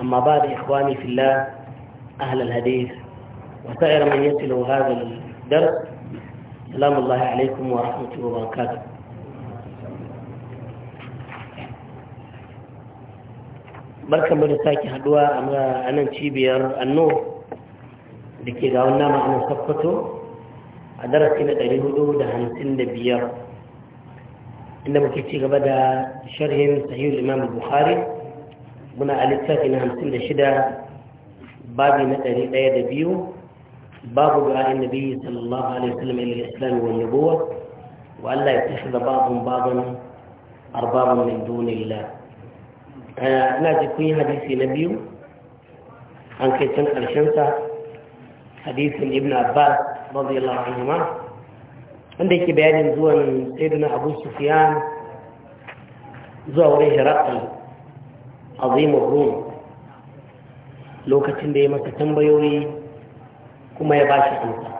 أما بعد إخواني في الله أهل الحديث وسائر من يصل هذا الدرس سلام الله عليكم ورحمته وبركاته barkan mu da sake haduwa a nan cibiyar anno da ke ga wannan ma'anar sakkwato a darasi na 455 inda muke ci gaba da sharhin sahihul imam bukhari muna a littafi na hamsin da shida babi na ɗari ɗaya da biyu babu ga ayin nabi sallallahu alaihi wasallam ila islam wa nubuwa wa Allah ya tashi da babun babun arbaban min dunillah ina ji kun yi hadisi na biyu an kai can ƙarshen sa hadisin ibn abbas radiyallahu anhu ma wanda yake bayanin zuwan sayyidina abu sufyan zuwa wurin hiraqal azimin rum lokacin da ya masa tambayoyi kuma ya bashi amsa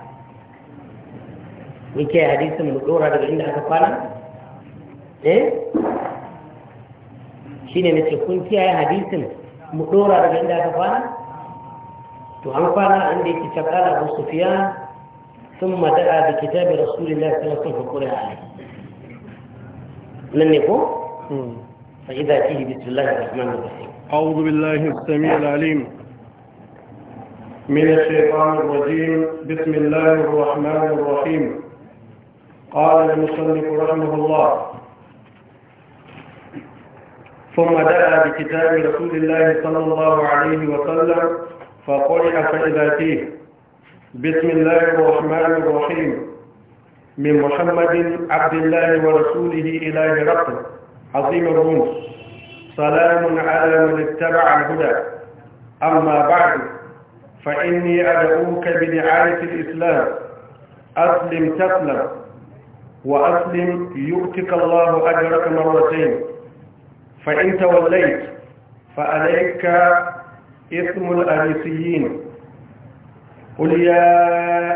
muke hadisin mu dora daga inda aka fara, eh shine nace kun kiyaye hadisin mu dora daga inda aka fara, to an kwana inda yake takala Abu Sufyan ثم دعا بكتاب kitabin الله صلى الله عليه وسلم فقرأ عليه من فإذا فيه بسم الله الرحمن الرحيم أعوذ بالله السميع العليم من الشيطان الرجيم بسم الله الرحمن الرحيم قال المصنف رحمه الله ثم دعا بكتاب رسول الله صلى الله عليه وسلم فقرئ فإذا فيه بسم الله الرحمن الرحيم من محمد عبد الله ورسوله إلى هرقل عظيم الرموز سلام على من اتبع الهدى أما بعد فإني أدعوك بدعاية الإسلام أسلم تسلم وأسلم يؤتك الله أجرك مرتين فإن توليت فعليك إثم الأريسيين قل يا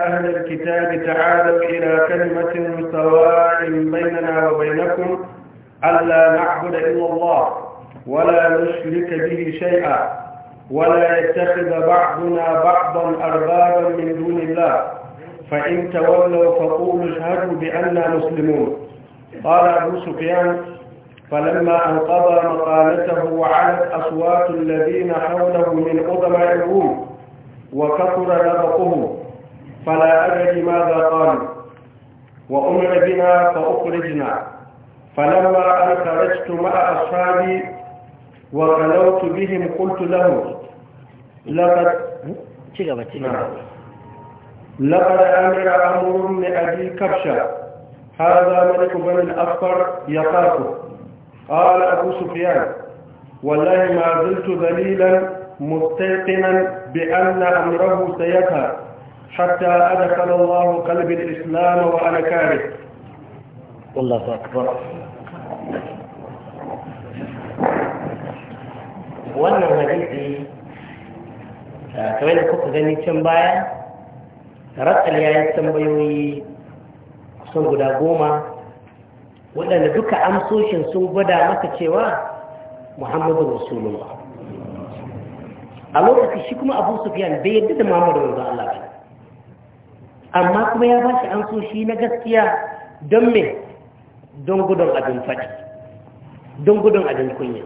أهل الكتاب تعالوا إلى كلمة سواء بيننا وبينكم ألا نعبد إلا الله ولا نشرك به شيئا ولا يتخذ بعضنا بعضا أربابا من دون الله فإن تولوا فقولوا اشهدوا بأننا مسلمون قال أبو سفيان فلما أنقضى مقالته وعلت أصوات الذين حوله من قدماء الروم وكثر نبقهم فلا أدري ماذا قالوا وأمر بنا فأخرجنا فلما أن خرجت مع أصحابي وغلوت بهم قلت لهم لقد نعم. لقد أمر أمر بن أبي كبشة هذا ملك بني الأصفر يقاته قال أبو سفيان والله ما زلت ذليلا مستيقنا بأن أمره سيذهب حتى أدخل الله قلب الإسلام وأنا كاره والله أكبر wannan hadisi ah, kamar da kuka gani can baya ratsal ya yi tambayoyi kusan guda goma waɗanda duka amsoshin sun gwada maka cewa muhammadu rasulullah a lokacin shi kuma abu sufiyan bai yadda da muhammadu wanzu Allah ba amma kuma ya ba shi amsoshi na gaskiya don me don gudun abin faɗi don gudun abin kunya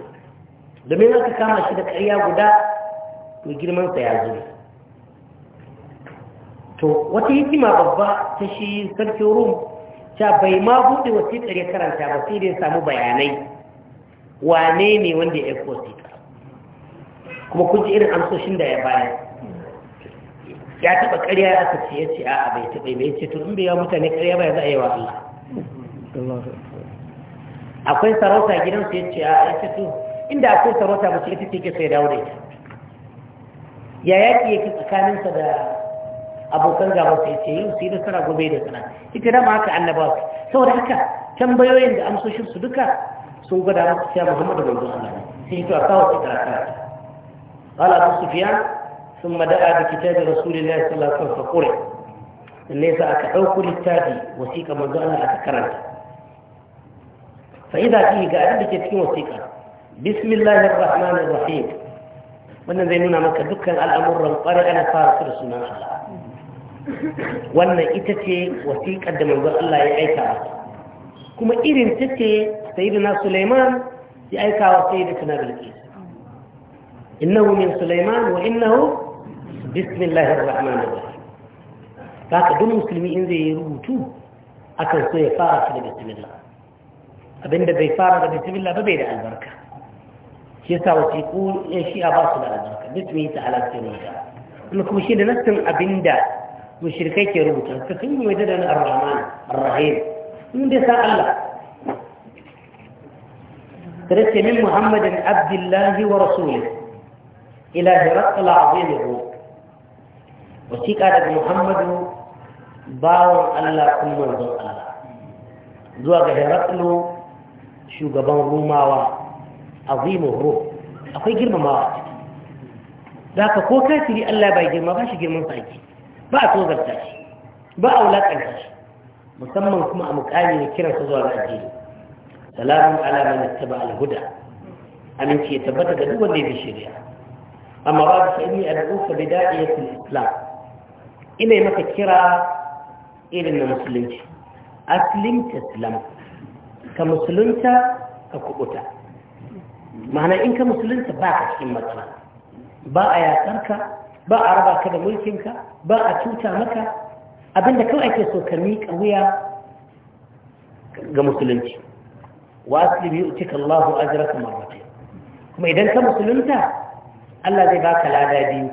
domin haka kama shi da ƙarya guda girman girmansa ya zuri to wata hikima babba ta shi sarki rum ta bai ma buɗe wasiƙar ya karanta ba sai dai samu bayanai wane ne wanda ya aiko wasiƙa kuma kun ji irin amsoshin da ya bayar ya taɓa ƙarya aka ce ya ce a'a bai taɓa bai ce to in bai yawa mutane ƙarya ba ya za a yi wa Allah akwai sarauta gidansu ya ce a'a ya ce to inda akwai sarauta mace ita take ke sai dawo da ita ya yaƙi yake tsakaninsa da abokan gaba sai ce yau sai nasara gobe da sana ita da ma haka annabawa saboda haka tambayoyin da amsoshin su duka sun gwada musu cewa Muhammadu bai zuwa sai ita a kawo su karata qala Abu Sufyan thumma da'a bi kitab Rasulillah sallallahu alaihi wasallam faqura sannan sai aka dauko littafi wasiƙa manzo Allah aka karanta fa idza fihi ga abin da ke cikin wasiƙa bismillahir rahmanir rahim wannan zai nuna maka dukkan al'amuran ƙwarai ana fara su da Allah wannan ita ce wasiƙar da manzon Allah ya aika kuma irin ta ce sayyidina Suleiman ya aika wa sayyidatuna Bilqis innahu min Suleiman wa innahu bismillahir rahmanir rahim haka duk musulmi in zai yi rubutu akan so ya fara shi da bismillah abinda bai fara da bismillah ba bai da albarka shi yasa wace ku shi a ba su da albarka bismi ta ala ce rubuta kuma kuma shi da nassin abinda mushrikai ke rubuta ka sun yi wajen da ar-rahman ar-rahim in dai sa Allah ترسل من محمد عبد الله ورسوله إلى هرقل عظيمه وشيك على Muhammadu, باو Allah كم مرضو الله Zuwa هرقل شو shugaban rumawa. azimin ruh akwai girmamawa da ka ko kafiri Allah bai girma ba shi girman sa ba a tozarta shi ba a wulakanta shi musamman kuma a mukami ne kiran sa zuwa ga addini salamun ala man ittaba al'huda. aminci ya tabbata ga duk wanda ya bi shari'a amma babu fa inni ad'uka bi da'iyatil islam ina maka kira irin na musulunci aslim taslam ka musulunta ka kubuta ma'ana in ka musulunta ba ka cikin matsala ba a yatsar ka, ba a raba ka da mulkinka ba a cuta maka abinda kawai ake so ka miƙa wuya ga musulunci wa aslim yu'tika Allahu ajraka marratayn kuma idan ka musulunta Allah zai baka lada biyu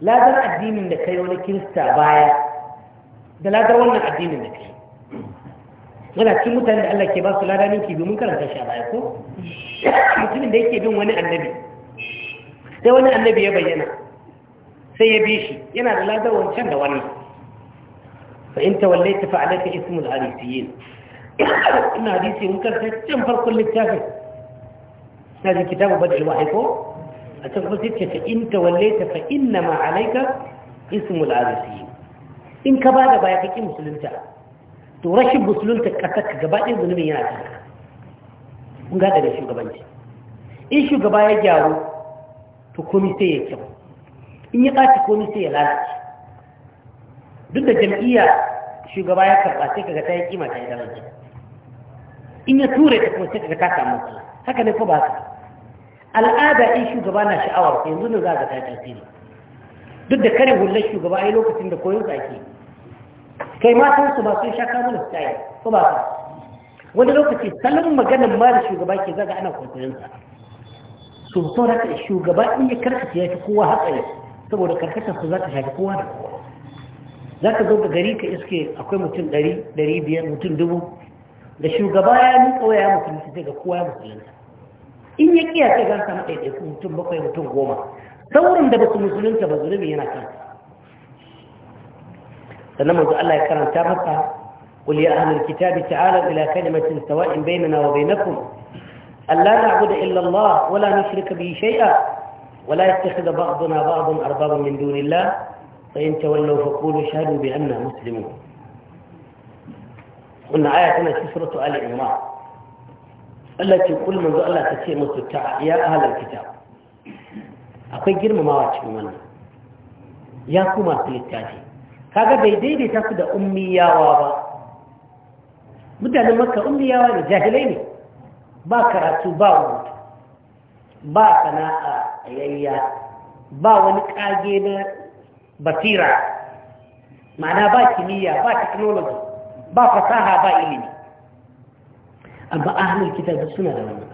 ladar addinin da kai wani kirista baya da ladar wannan addinin da kai yana cikin mutane da Allah ke ba su lada ninki domin karanta shi a baya ko mutumin da yake bin wani annabi sai wani annabi ya bayyana sai ya bi shi yana da ladar can da wani. fa in tawallaita fa alaka ismul arisiyin ina hadisi mun karanta cin farkon littafin na ji kitabu badal wahyi ko a can kuma sai ta fa in tawallaita fa inna ma alayka ismul arisiyin in ka bada baya kake musulunta to rashin musulunta kasar ka gaba ɗaya zunubin yana kanka kun ga da shugabanci in shugaba ya gyaru to komi sai ya kyau in ya ɓaci komi sai ya lalace duk da jam'iyya shugaba ya karɓa sai kaga ta yi kima ta yi daraja in ya ture ta kuma sai kaga ta samu kula. haka ne ko ba ka? al'ada in shugaba na sha'awar yanzu ne za ka ta tasiri duk da kare hular shugaba a lokacin da koyon zaki kai matan su ba sun sha kamunan su ta yi ko ba ka? wani lokaci salon maganin ma shugaba ke zaga ana kwanciyarsa su so da shugaba in ya karkata ya fi kowa hatsari saboda karkatar su za ta shafi kowa da kowa za ka zo ga gari ka iske akwai mutum ɗari biyar mutum dubu da shugaba ya nuka ya musulunci sai ga kowa ya musulunta in ya kiya sai ga samu ɗaiɗaiku mutum bakwai mutum goma saurin da ba su musulunta ba zunubi yana kan sannan manzo Allah ya karanta masa قل يا أهل الكتاب تعالوا إلى كلمة سواء بيننا وبينكم ألا نعبد إلا الله ولا نشرك به شيئا ولا يتخذ بعضنا بعضا أربابا من دون الله فإن تولوا فقولوا اشهدوا بأننا مسلمون قلنا آياتنا في سورة آل عمران التي كل منذ ألا تسيء مستطاع يا أهل الكتاب أقول جرم ما واتش منا يا كما في kaga كذا بيدي su أمي يا وابا mutanen maka umriyawa ne jahilai ne ba karatu ba wata, ba sana'a a yayya ba wani kage na basira ma'ana ba kimiyya ba technology ba fasaha ba ilimi amma kitar da suna da wani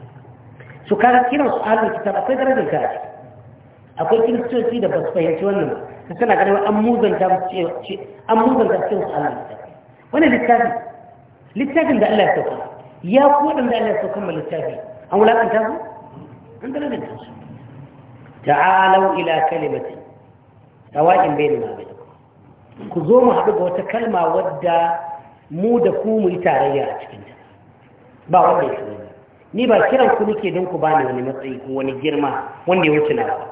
su kara kiran su ahalin kitar akwai darajar ka akwai kiristoci da ba su fahimci wannan ba suna ganin an muzanta su cewa an muzanta su cewa ahlul Wani wannan littafi littafin da Allah ya sauka ya ku waɗanda Allah ya sauka ma littafi an wulaƙanta su an dalaganta su ta'alau ila kalimati tawaƙin bai da bai ku zo mu haɗu ga wata kalma wadda mu da ku mu yi tarayya a cikinta ba wanda ya sani ni ba kiran ku nake don ku bani wani matsayi ko wani girma wanda ya wuce na ba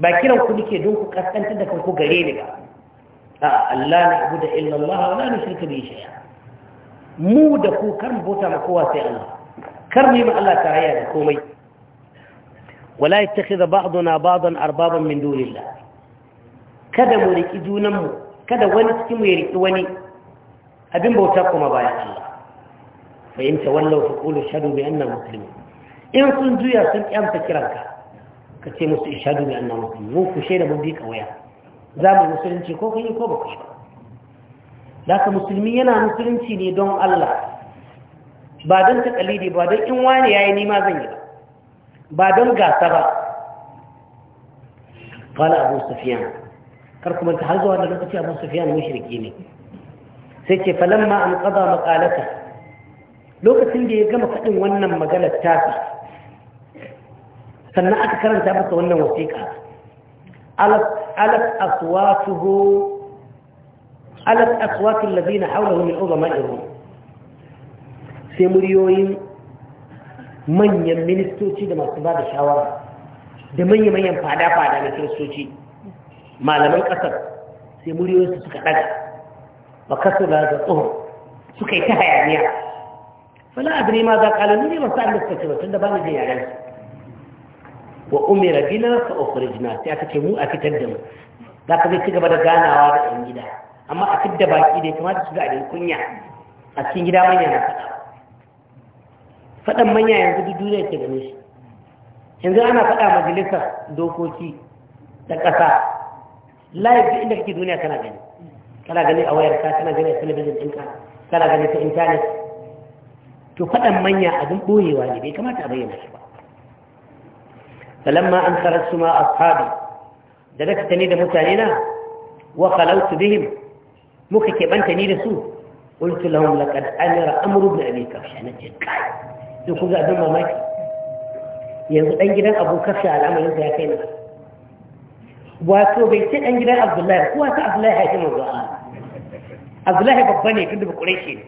ba kiran ku nake don ku kaskantar da kanku gare ni ba a Allah na abu da illallah wa la nushrika bihi shay'a mu da ku kar mu bauta ma kowa sai Allah kar mu yi ma Allah tarayya da komai wala yattakhidha ba'duna ba'dan arbaban min dunillah kada mu riki junan mu kada wani cikin mu ya riki wani abin bauta kuma baya Allah fa in tawallaw fa qulu shahadu bi anna muslimun in sun juya sun kyamta kiranka ka ce musu ishadu bi anna muslimun ku shaida mun bi ka waya za mu musulunci ko kai, ko ba ku yi daga musulmi yana musulunci ne don Allah ba don takalidi ba don in wani yayi nima zan yi ba don gasa ba qala abu sufyan kar kuma ta har zuwa da lokaci abu sufyan mushriki ne sai ce falon ma an qada maqalata lokacin da ya gama faɗin wannan maganar tafi sannan aka karanta masa wannan wasiƙa alaf alaf aswatuhu على الأصوات الذين حوله من عظماء الروم سيمريوين من يمن يمنستوتي دم أصباد الشعور دم يمن يمين فعدا مثل لكريستوتي ما لم ينقصر سيمريوين سكتاك وكسر هذا الطهر سكيتها يعني فلا أدري ماذا قال لي ما سأل نستوتي وتند باني دي يعني وأمر بنا فأخرجنا سيأتك مو أكتدم لكن يتقبل غاناوا بأن جدا amma a fidda baki da ya kamata su ga abin kunya a cikin gida manya na faɗa faɗan manya yanzu duk duniya ke gane shi yanzu ana faɗa majalisar dokoki ta ƙasa live duk inda kake duniya kana gani kana gani a wayar ka kana gani a talabijin ɗinka kana gani ta intanet to faɗan manya abin ɓoyewa ne bai kamata a bayyana shi ba falamma an karar su ma ashabi da daga tani da mutane na wa khalautu bihim muka keɓanta ni da su ƙultu lahum laqad amira amru ibn abi kafsha na ce kai to ku ga abin mamaki yanzu ɗan gidan abu kafsha al'amarin sa ya kai na wato bai ce ɗan gidan abdullahi kuwa ta abdullahi ya ce manzo abdullahi babba ne tun da bakurai ne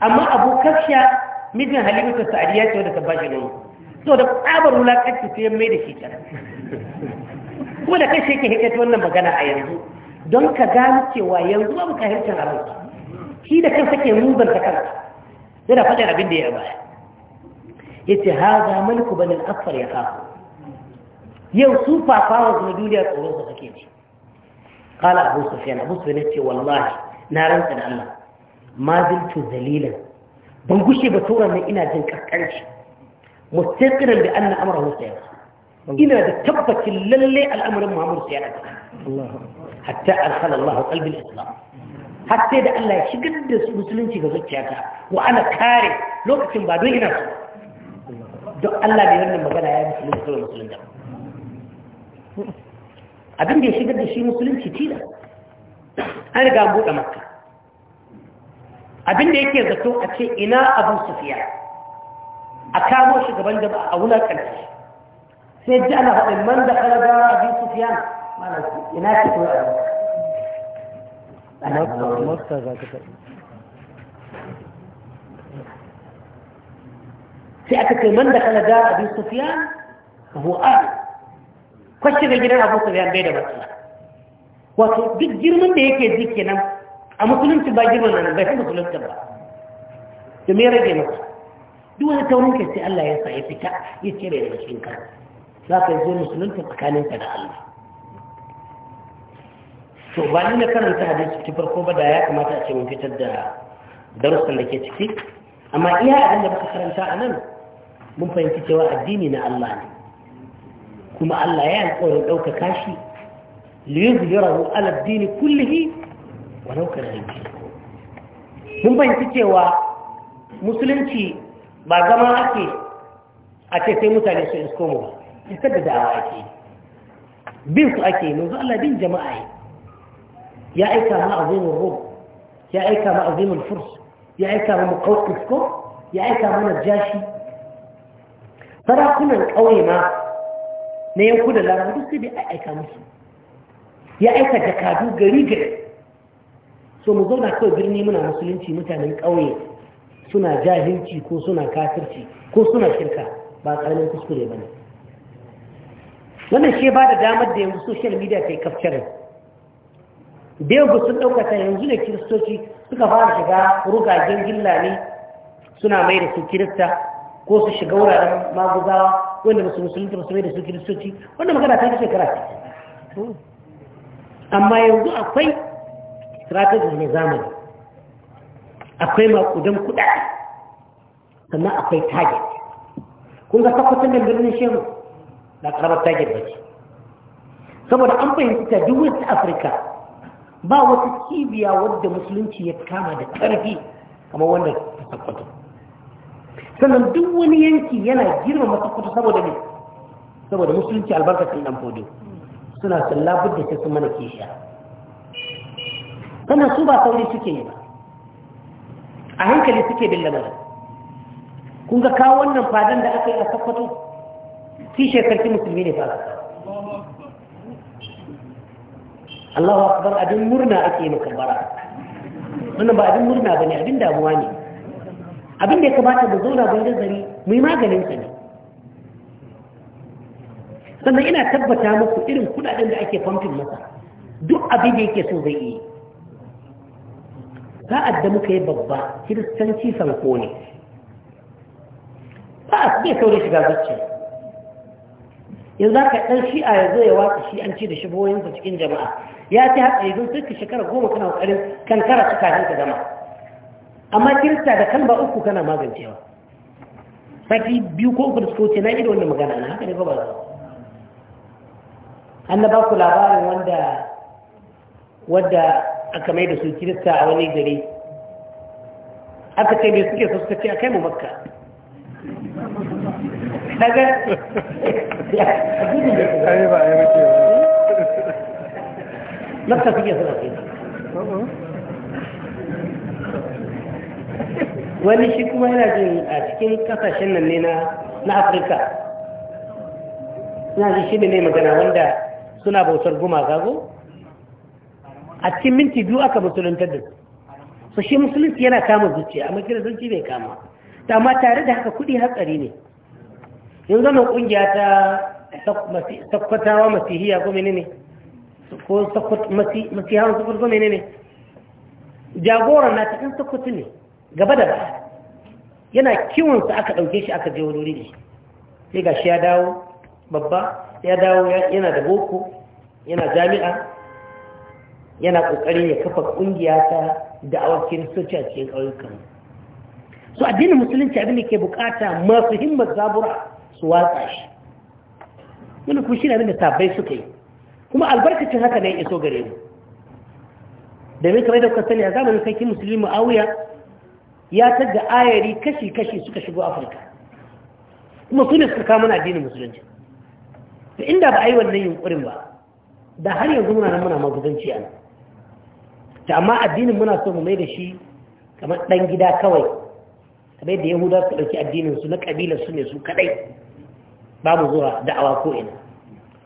amma abu kafsha mijin halimatu sa'adiya ce wadda ta bashi nono to da tsabar wulakanci sai mai da shi can kuma da kai shi ke hikata wannan magana a yanzu don ka gano cewa yanzu babu kahircin haramci shi da kansa ke muzanta kansa yana faɗin abin da ya baya ya ce ha za maliku banin ya kafa yau su fafawa na duniya tsoron su suke ne kala abu sufiyan abu sufiyan ce wallahi na rantsa da allah ma ziltu zalilan ban gushe ba tura nan ina jin kaskanci mustaqiran da anna amrahu sayar ina da tabbacin lalle al'amuran Muhammadu sai ya hatta arhala Allah qalbi al-islam hatta da Allah ya shigar da musulunci ga zuciyata wa ana kare lokacin ba don ina so don Allah bai wannan magana ya musulunci kawai musulun da abin da ya shigar da shi musulunci tila an riga an buɗe makka abin da yake zato a ce ina abu sufiya a kamo shugaban da jama'a a wulaƙanta shi sai ji ana faɗin man da kala gara bi sufiyan mana ina ce ko Masta za ka faɗi. Sai aka kai man da kala gara bi sufiyan ko a kwashe da gidan abu sufiyan bai da matsala. Wato duk girman da yake ji kenan a musulunci ba girman nan bai san musulunci ba. Da me rage masa. Duk wani taurin kai sai Allah ya sa ya fita ya cire da cikin kansa. za ka zo musulunta tsakaninka da Allah to ba ni na karanta hadisi ta farko ba da ya kamata a ce mun fitar da darussan da ke ciki amma iya abin da muka karanta a nan mun fahimci cewa addini na Allah ne kuma Allah ya alƙawarin ɗaukaka shi liyuzhirahu ala addini kullihi wa law kana mun fahimci cewa musulunci ba zama ake a ce sai mutane su isko mu ba isar da da'awa ake bin su ake manzo Allah bin jama'a ya aika ma azimin rum ya aika ma azimin furs ya aika ma muqawqis ko ya aika ma najashi sarakunan kauye ma na yankunan larabawa duk sai dai aika musu ya aika jakadu gari gari so mu zauna kawai birni muna musulunci mutanen ƙauye suna jahilci ko suna kafirci ko suna shirka ba ƙaramin kuskure ba ne wannan shi ba da damar da yanzu social media ta yi kafcirin da yanzu sun ɗaukata yanzu da kiristoci suka fara shiga rugagen gilla ne suna mai da su kirista ko su shiga wuraren maguzawa wanda ba su musulunta ba su mai da su kiristoci wanda magana ta fi shekara amma yanzu akwai strategy na zamani akwai makudan kuɗa sannan akwai target kun ga sakwatan da birnin shehu da karamar tagir ba ce saboda an fahimci ta duk wasu afirka ba wata cibiya wadda musulunci ya kama da ƙarfi kamar wanda ta sakwato sannan duk wani yanki yana girma masakwato saboda ne saboda musulunci albarkacin dan fodo suna sallabar da ta su mana kishiya sannan su ba sauri suke yi ba a hankali suke bin lamarin kun ga kawo wannan fadan da aka yi a sakwato kishe sarki musulmi ne fa Allahu akbar abin murna ake yi makabara wannan ba abin murna bane abin damuwa ne abin da ya kamata mu zauna ban nazari mu yi maganin sa ne sannan ina tabbata muku irin kudaden da ake pumping masa duk abin da yake so zai yi sa'ad da muka yi babba kiristanci sanko ne ba a bai saurin shiga zuciya yanzu haka ɗan shi'a ya zo ya watsa shi an ci da shi su cikin jama'a ya ci haka yanzu sai ka shekara goma kana ƙoƙarin kankara su kafin ka gama amma kirista da kan ba uku kana magancewa saki biyu ko uku da suka wuce na ido wannan magana na haka ne ba ba an na ba ku labarin wanda wadda aka mai da su kirista a wani gari aka ce mai suke so suka ce a kai mu makka daga ba ai muke lafta kuke suna wani shi kuma yana jin a cikin kasashen nan ne na afirka suna ji shi ne magana wanda suna bautar goma ko a cikin minti biyu aka musuluntar da su shi musulunci yana kama zuciya amma zuci bai kama amma tare da haka kudi hatsari ne yanzu wannan kungiya ta sakkwatawa masihiya ko ne ko masihawan sufur ne ne. jagoran na cikin sakkwatu ne gaba da ba yana kiwonsa aka ɗauke shi aka je wani wuri sai ga shi ya dawo babba ya dawo yana da boko yana jami'a yana ƙoƙarin ya kafa kungiya ta da'awar kiristoci a cikin ƙauyukan su addinin musulunci abin da ke bukata masu himmar zabura su watsa shi wani ku shi ne da sabbai suka yi kuma albarkacin haka ne iso gare mu Da mai kamar da kuka sani a zamanin sarki musulmi mu'awiya ya tagga ayari kashi-kashi suka shigo afirka kuma su ne suka kama addinin musulunci da inda ba a yi wannan yunkurin ba da har yanzu muna nan muna maguzanci a nan ta amma addinin muna so mu mai da shi kamar ɗan gida kawai kamar yadda yahudawa suka ɗauki addinin su na ƙabilar su ne su kaɗai babu zuwa da'awa ko ina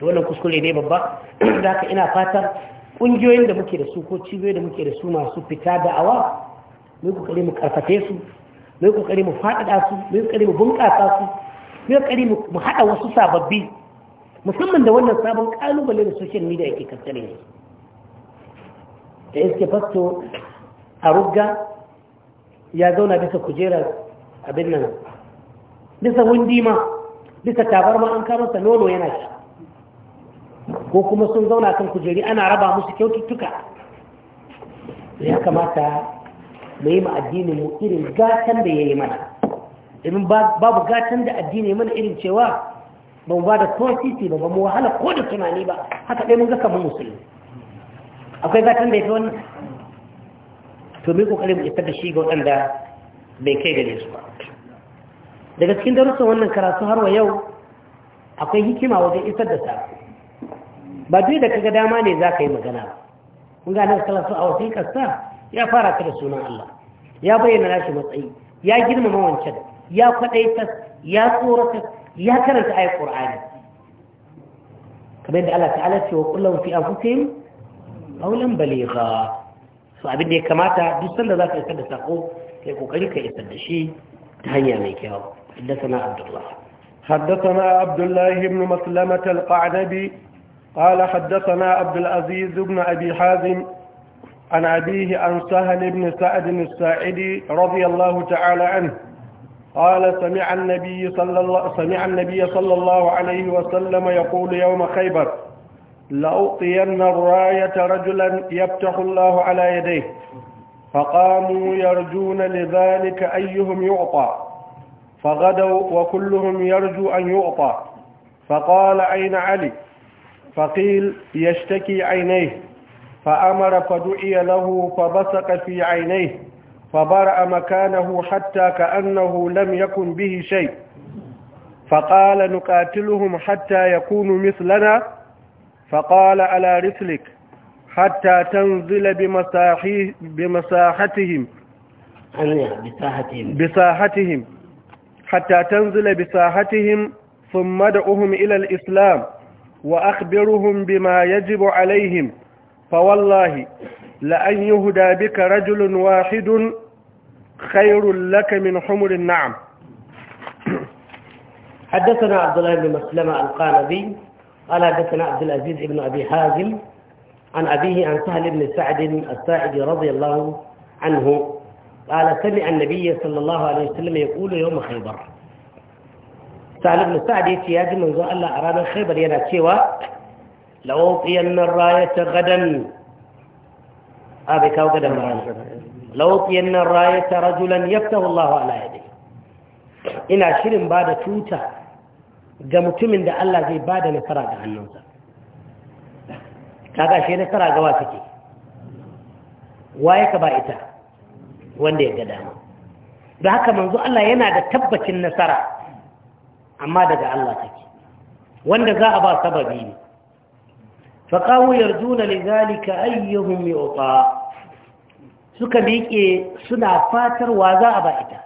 to wannan kuskure ne babba da ina fatar ƙungiyoyin da muke da su ko cibiyoyin da muke da su masu fita da'awa mai kokari mu karfafe su mai kokari mu faɗaɗa su mai kokari mu bunƙasa su mai kokari mu haɗa wasu sababbi musamman da wannan sabon kalubale da social media yake kaskare ne da iske fasto a rugga ya zauna bisa kujerar abin nan bisa wundi ma bisa tabarma an kamata nono yana shi ko kuma sun zauna kan kujeri ana raba musu kyaututtuka ya kamata mu yi ma'addini mu irin gatan da ya yi mana domin babu gatan da addini mana irin cewa ba mu ba da tosisi ba ba mu wahala ko da tunani ba haka ɗaya mun ga kamar musulmi akwai gatan da ya fi wannan to mai kokarin mu isa da shi ga waɗanda bai kai gare su ba daga cikin darussan wannan karatu har wa yau akwai hikima wajen isar da sa ba duk da kaga dama ne za ka yi magana ba kun ga nan salatu a wasiƙar sa ya fara ta da sunan Allah ya bayyana nashi matsayi ya girmama wancan ya ta ya tsorata ya karanta ayat qur'ani kamar da Allah ta'ala ce wa kullu fi anfusihim qawlan baligha so abin da ya kamata duk sanda za ka isar da sako kai kokari ka isar da shi ta hanya mai kyau حدثنا عبد الله حدثنا عبد الله بن مسلمة القعنبي قال حدثنا عبد العزيز بن أبي حازم عن أبيه عن سهل بن سعد الساعدي رضي الله تعالى عنه قال سمع النبي صلى الله سمع النبي صلى الله عليه وسلم يقول يوم خيبر لأعطين الراية رجلا يفتح الله على يديه فقاموا يرجون لذلك أيهم يعطى فغدوا وكلهم يرجو أن يعطى فقال أين علي فقيل يشتكي عينيه فأمر فدعي له فبصق في عينيه فبرأ مكانه حتى كأنه لم يكن به شيء فقال نقاتلهم حتى يكونوا مثلنا فقال على رسلك حتى تنزل بمساحتهم أيوة، بساحتهم بساحتهم حتى تنزل بساحتهم ثم ادعهم إلى الإسلام وأخبرهم بما يجب عليهم فوالله لأن يهدى بك رجل واحد خير لك من حمر النعم حدثنا عبد الله بن مسلمة القانبي قال حدثنا عبد العزيز بن أبي حازم عن أبيه عن سهل بن سعد الساعدي رضي الله عنه قال سمع النبي صلى الله عليه وسلم يقول يوم خيبر سعد بن سعد يتي يا من زو الله أرانا خيبر ينا تيوا لأوطين الراية غدا أبي آه، كاو غدا مرانا لأوطين الراية رجلا يفتح الله على يدي إن عشرين بعد توتا tuta ga الله da بعد zai عن da nasara ga hannunsa kaga shi nasara wanda ya ga dama da haka manzo Allah yana da tabbacin nasara amma daga Allah take wanda za a ba sababi ne faqawu yarjuna lidhalika ayyuhum yuta suka miƙe suna fatarwa za a ba ita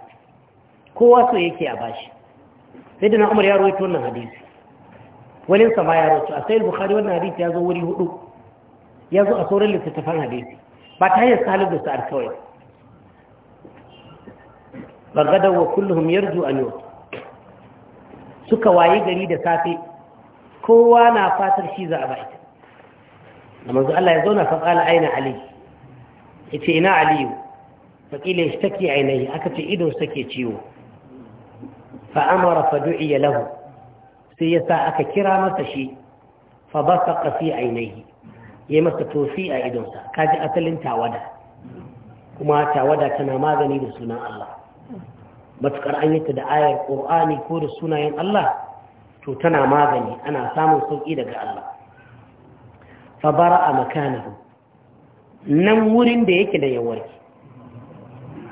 kowa so yake a bashi sai da na umar ya rawaito wannan hadisi wani sama ya rawaito a sai bukhari wannan hadisi ya zo wuri hudu ya zo a sauran littattafan hadisi ba ta hanyar salib da sa'ar kawai bagada wa kullum yarju an yau suka waye gari da safe kowa na fatar shi za a ba ita da Allah ya zo na qala aina ali ce ina aliyu fa qila yashtaki ainihi aka ce idon sake ciwo fa amara fa lahu sai yasa aka kira masa shi fa basaqa fi ainihi yayi masa tofi a idonsa kaji asalin tawada kuma tawada tana magani da sunan Allah matukar an yi ta da ayar ƙor'ani ko da sunayen Allah to tana magani ana samun sauƙi daga Allah fabara a makanahu nan wurin da yake da yawarki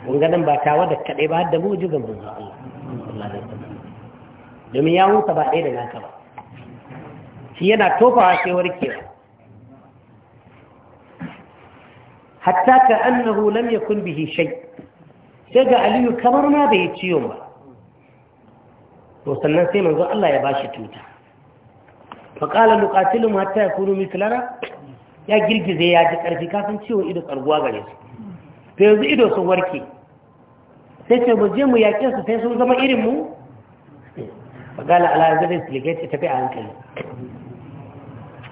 ƙunganin ba tawa da kaɗai ba da ga bunza Allah domin ya wuta ba ɗaya da naka ba shi yana tofawa sai ba hatta ka annahu lam yakun bihi shay' sai ga aliyu kamar ma bai yi ba to sannan sai manzo Allah ya bashi tuta fa qala luqatiluhum hatta yakunu mithlana ya girgize ya ji karfi kafin ciwo ido karguwa gare su to yanzu ido sun warke sai ce mu je mu yaƙe su sai sun zama irin mu fa qala ala zalil siligati tafi a hankali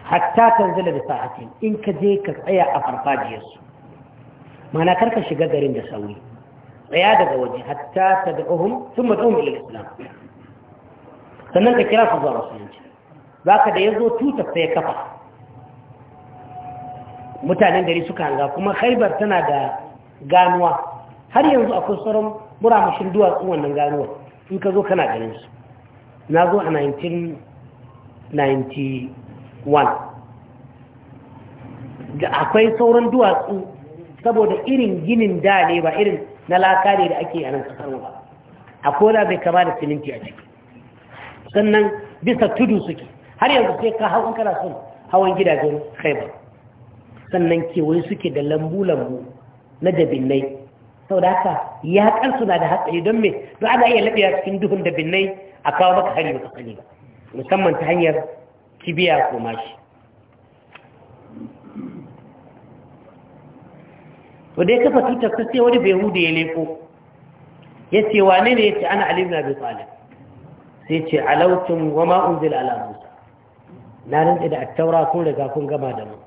hatta tanzila da sa'atin in ka je ka tsaya a farfajiyarsu mana karka shiga garin da sauri tsaya daga waje hatta ta da ohun sun maɗa'un ila islam sannan ka kira su zuwa musulunci Ba ka da ya zo tutar sai kafa mutanen gari suka hanga kuma haibar tana da ganuwa har yanzu akwai sauran muramushin duwatsun wannan ganuwa in ka zo kana ganin su na zo a 1991 akwai sauran duwatsu saboda irin ginin da ne ba irin na laka ne da ake a nan kasar ba a kola bai kama da siminti a ciki sannan bisa tudu suke har yanzu sai ka hau kana son hawan gidajen khaibar sannan kewaye suke da lambu-lambu na dabinai sau da haka ya kansu na da hatsari don me don ana iya laɓewa cikin duhun dabinai a kawo maka hari baka musamman ta hanyar kibiya ko mashi to dai kafa tutar sai wani bai hude ya leko ya ce wane ne ya ce ana alimna na bai tsalin sai ce alautun wa ma'un zil ala musa na rinke da taura kun riga kun gama da mu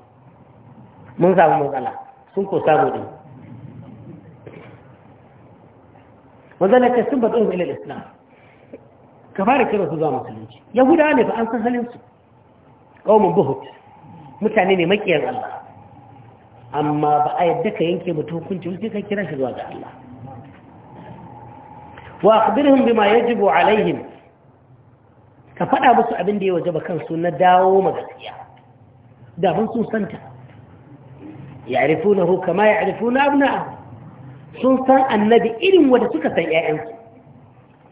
mun samu matsala sun ko samu din matsala ce sun baɗin ilil islam ka fara kira su zuwa musulunci yahudawa ne ba an san halinsu mun buhut mutane ne makiyar allah amma ba a yadda ka yanke mutum hukunci sai ka kira shi zuwa ga Allah wa akhbirhum bima yajibu alaihim ka faɗa musu abin da ya wajaba kansu na dawo ma gaskiya da ban sun santa ya'rifunahu kama ya'rifuna abna'ahum sun san annabi irin wanda suka san su,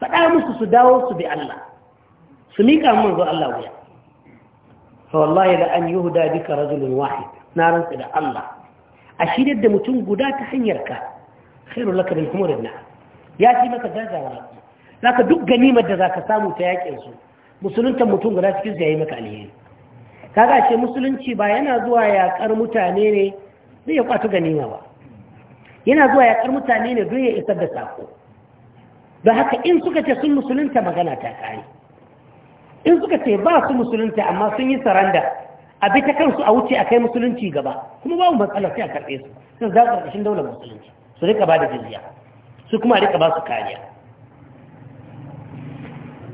faɗa musu su dawo su bi Allah su miƙa mun zo Allah wuya fa wallahi la an yuhda bika rajulun wahid na rantsa da Allah a shirya da mutum guda ta hanyar ka khairul laka min humurin na ya fi maka jajawa yaƙi zaka duk ganimar da zaka samu ta yakin su musulunta mutum guda cikin zai yi maka alheri kaga ce musulunci ba yana zuwa yaƙar mutane ne zai ya kwato ganima ba yana zuwa yaƙar mutane ne don ya isar da sako don haka in suka ce sun musulunta magana ta kare in suka ce ba su musulunta amma sun yi saranda a bi ta kansu a wuce a kai musulunci gaba kuma babu matsala sai a karɓe su sun za su ƙarƙashin daular musulunci su rika ba da jizya su kuma rika ba su kariya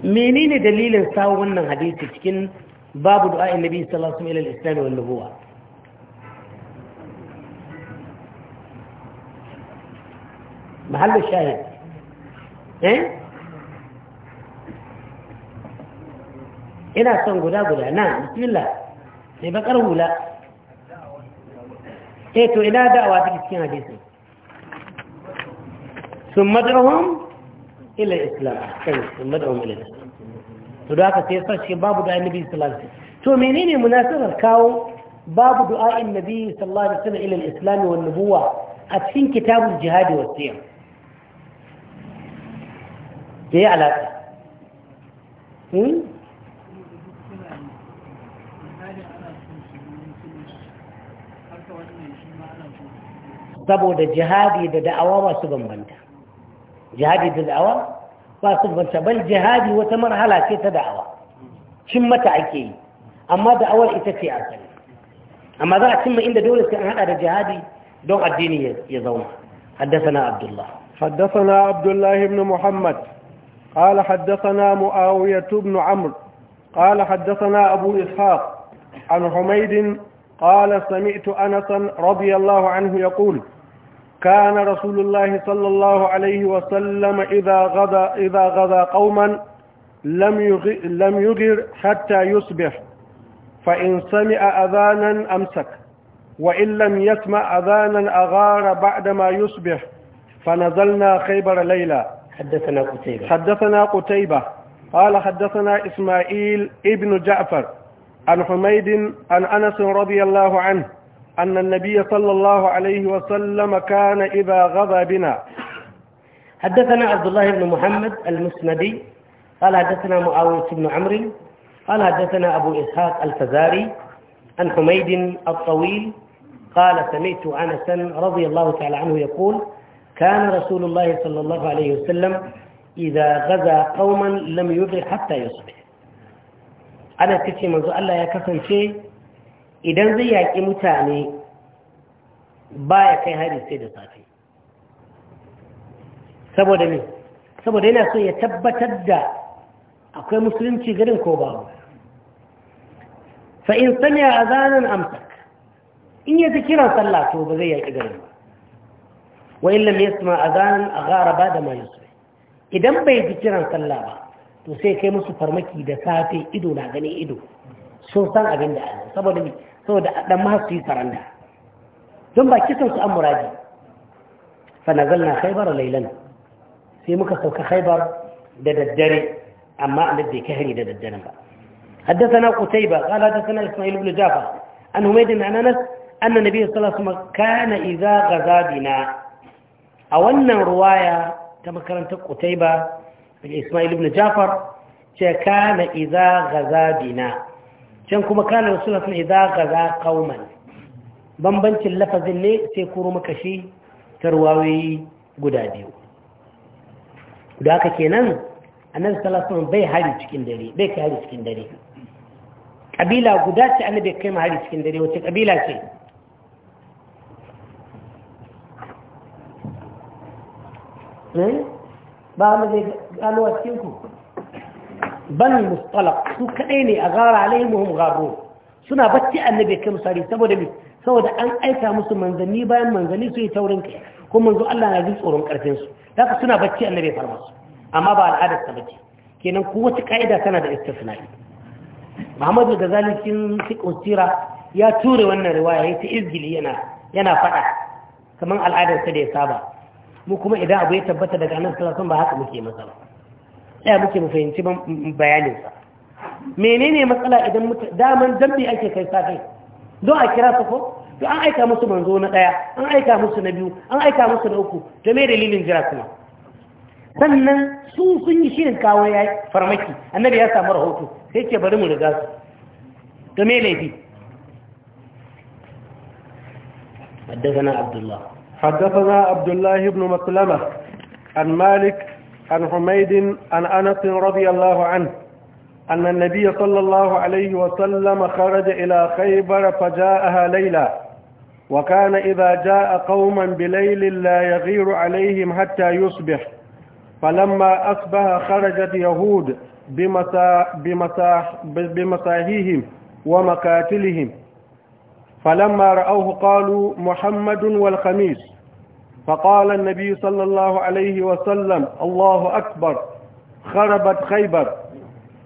menene dalilin sawo wannan hadisi cikin babu du'a annabi sallallahu alaihi wasallam ila al-islam wal nubuwa mahallin shahid eh ina son guda guda na bismillah mai bakar hula E to ina da'awa ta cikin hadisi sun madarhum ila islam kai sun madarhum ila islam to da aka sai sashi babu da annabi sallallahu alaihi wasallam to menene munasabar kawo babu du'a annabi sallallahu alaihi wasallam ila islam wa nubuwa a cikin kitabul jihad wa siyam ya alaka hmm? saboda jihadi da da'awa ba su bambanta jihadi da da'awa ba su bambanta bal jihadi wata marhala ce ta da'awa cin mata ake yi amma da'awar ita ce asali amma za a cimma inda dole sai an hada da jihadi don addini ya zauna حدثنا abdullah الله abdullah ibn muhammad بن محمد قال حدثنا معاوية بن عمرو قال حدثنا أبو إسحاق عن حميد قال سمعت أنسا رضي الله عنه يقول كان رسول الله صلى الله عليه وسلم إذا غدا, إذا غدا قوما لم لم يغر حتى يصبح فإن سمع أذانا أمسك وإن لم يسمع أذانا أغار بعدما يصبح فنزلنا خيبر ليلة حدثنا قتيبة حدثنا قتيبة قال حدثنا إسماعيل ابن جعفر عن حميد عن أنس رضي الله عنه أن النبي صلى الله عليه وسلم كان إذا غضى بنا حدثنا عبد الله بن محمد المسندي قال حدثنا معاوية بن عمر قال حدثنا أبو إسحاق الفزاري عن حميد الطويل قال سمعت أنسا رضي الله تعالى عنه يقول كان رسول الله صلى الله عليه وسلم إذا غزا قوما لم يضع حتى يصبح أنا تكي منذ الله يكفن شيء idan zai yaƙi mutane ba ya kai hari sai da safe saboda ne saboda yana so ya tabbatar da akwai musulunci garin ko ba fa in sami a zanen amsak in ya ji kiran sallah to ba zai yaƙi garin ba wa in zanen a gara ba da ma su idan bai ji kiran sallah ba to sai kai musu farmaki da safe ido na gani ido sun san abin da Allah saboda saboda a ɗan masu yi saranda don ba kisan su an muraji fanazal na khaibar lailan sai muka sauka khaibar da daddare amma an bai kai hari da daddaren ba حدثنا قتيبة قال حدثنا إسماعيل بن جعفر عن هميد عن أنس أن النبي صلى الله عليه وسلم كان إذا غزا بنا أولنا رواية كما كانت قتيبة بن إسماعيل بن جعفر كان إذا غزا بنا can kuma kana suna sun idza gaza qauman bambancin lafazin ne sai kuro maka shi tarwawi guda biyu da haka kenan annabi sallallahu alaihi wasallam bai hari cikin dare bai kai hari cikin dare kabila guda ce annabi kai ma hari cikin dare wace kabila ce hmm? ba mu zai gano a cikinku? Ban mustalaq su kadai ne a gara alaihimuhum gabo suna bacci annabi kai misali saboda saboda an aika musu manzanni bayan manzanni su yi taurin kai kuma manzo Allah na ji tsoron karfin su haka suna bacci annabi farma su amma ba al'adar ta bace kenan ko wata kaida tana da istisna'i Muhammadu da cikin fiqh sira ya ture wannan riwaya yace izgili yana yana faɗa kaman al'adar da ya saba mu kuma idan abu ya tabbata daga annabi sallallahu alaihi wasallam ba haka muke masa ba ɗaya muke mu fahimci bayaninsa menene matsala idan daman dambi ake kai safe don a kira su ko to an aika musu manzo na ɗaya an aika musu na biyu an aika musu na uku to me dalilin jira kuma sannan su sun yi shirin kawo ya farmaki annabi ya samu rahoto sai ce bari mu riga su to me laifi حدثنا عبد الله حدثنا عبد الله بن مسلمة عن مالك عن حميد عن أنس رضي الله عنه أن النبي صلى الله عليه وسلم خرج إلى خيبر فجاءها ليلى وكان إذا جاء قوما بليل لا يغير عليهم حتى يصبح فلما أصبح خرجت يهود بمسا بمساهيهم ومقاتلهم فلما رأوه قالوا محمد والخميس فقال النبي صلى الله عليه وسلم الله أكبر خربت خيبر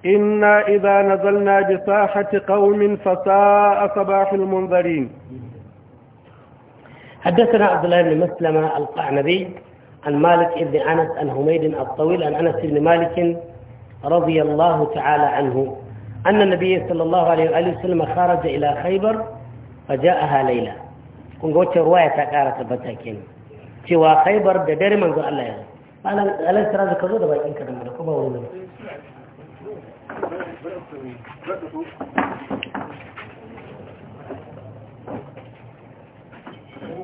إنا إذا نزلنا بساحة قوم فساء صباح المنذرين حدثنا عبد الله بن مسلمة القعنبي عن مالك بن أنس عن هميد الطويل عن أنس بن مالك رضي الله تعالى عنه أن النبي صلى الله عليه وآله وسلم خرج إلى خيبر فجاءها ليلة كنت رواية wacce بتاكين. cewa khaibar da dare manzo Allah ya alan tara ka zo da bakin ka da mu kuma wani ne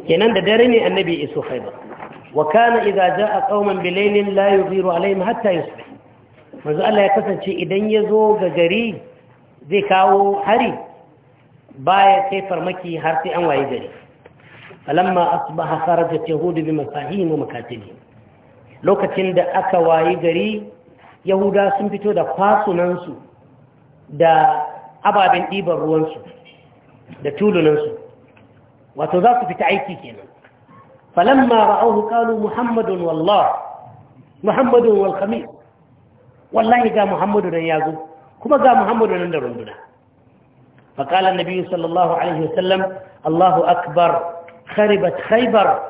kenan da dare ne annabi iso khaibar wa kana idza jaa qauman bilailin la yughiru alaihim hatta yusbih manzo Allah ya kasance idan ya zo ga gari zai kawo hari baya kai farmaki har sai an waye gari falamma asbaha kharajat yahudu bi masahihim wa makatibihim lokacin da aka wayi gari yahuda sun fito da kwasunansu da ababen ɗiban ruwansu da tulunansu wato za su fita aiki kenan falamma ra'ahu qalu muhammadun wallah muhammadun wal khamis wallahi ga muhammadu nan yazo kuma ga muhammadu nan da runduna فقال النبي صلى الله عليه وسلم الله أكبر خربت خيبر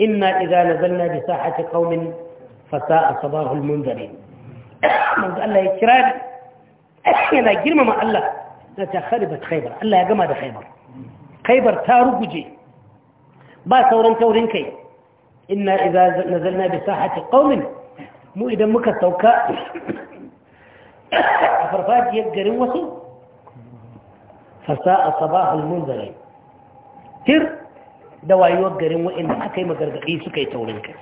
إنا إذا نزلنا بساحة قوم فساء صباح المنذرين من قال الله يكرار أحيانا جرم مع الله خربت خيبر الله يقام هذا خيبر خيبر تارو جي با ثورا ثورين كي إنا إذا نزلنا بساحة قوم مو إذا مكا سوكا فرفات يقرن وسو فساء صباح المنذرين تر da wayuwar garin wa'inda aka yi magargaɗi suka yi taurin kai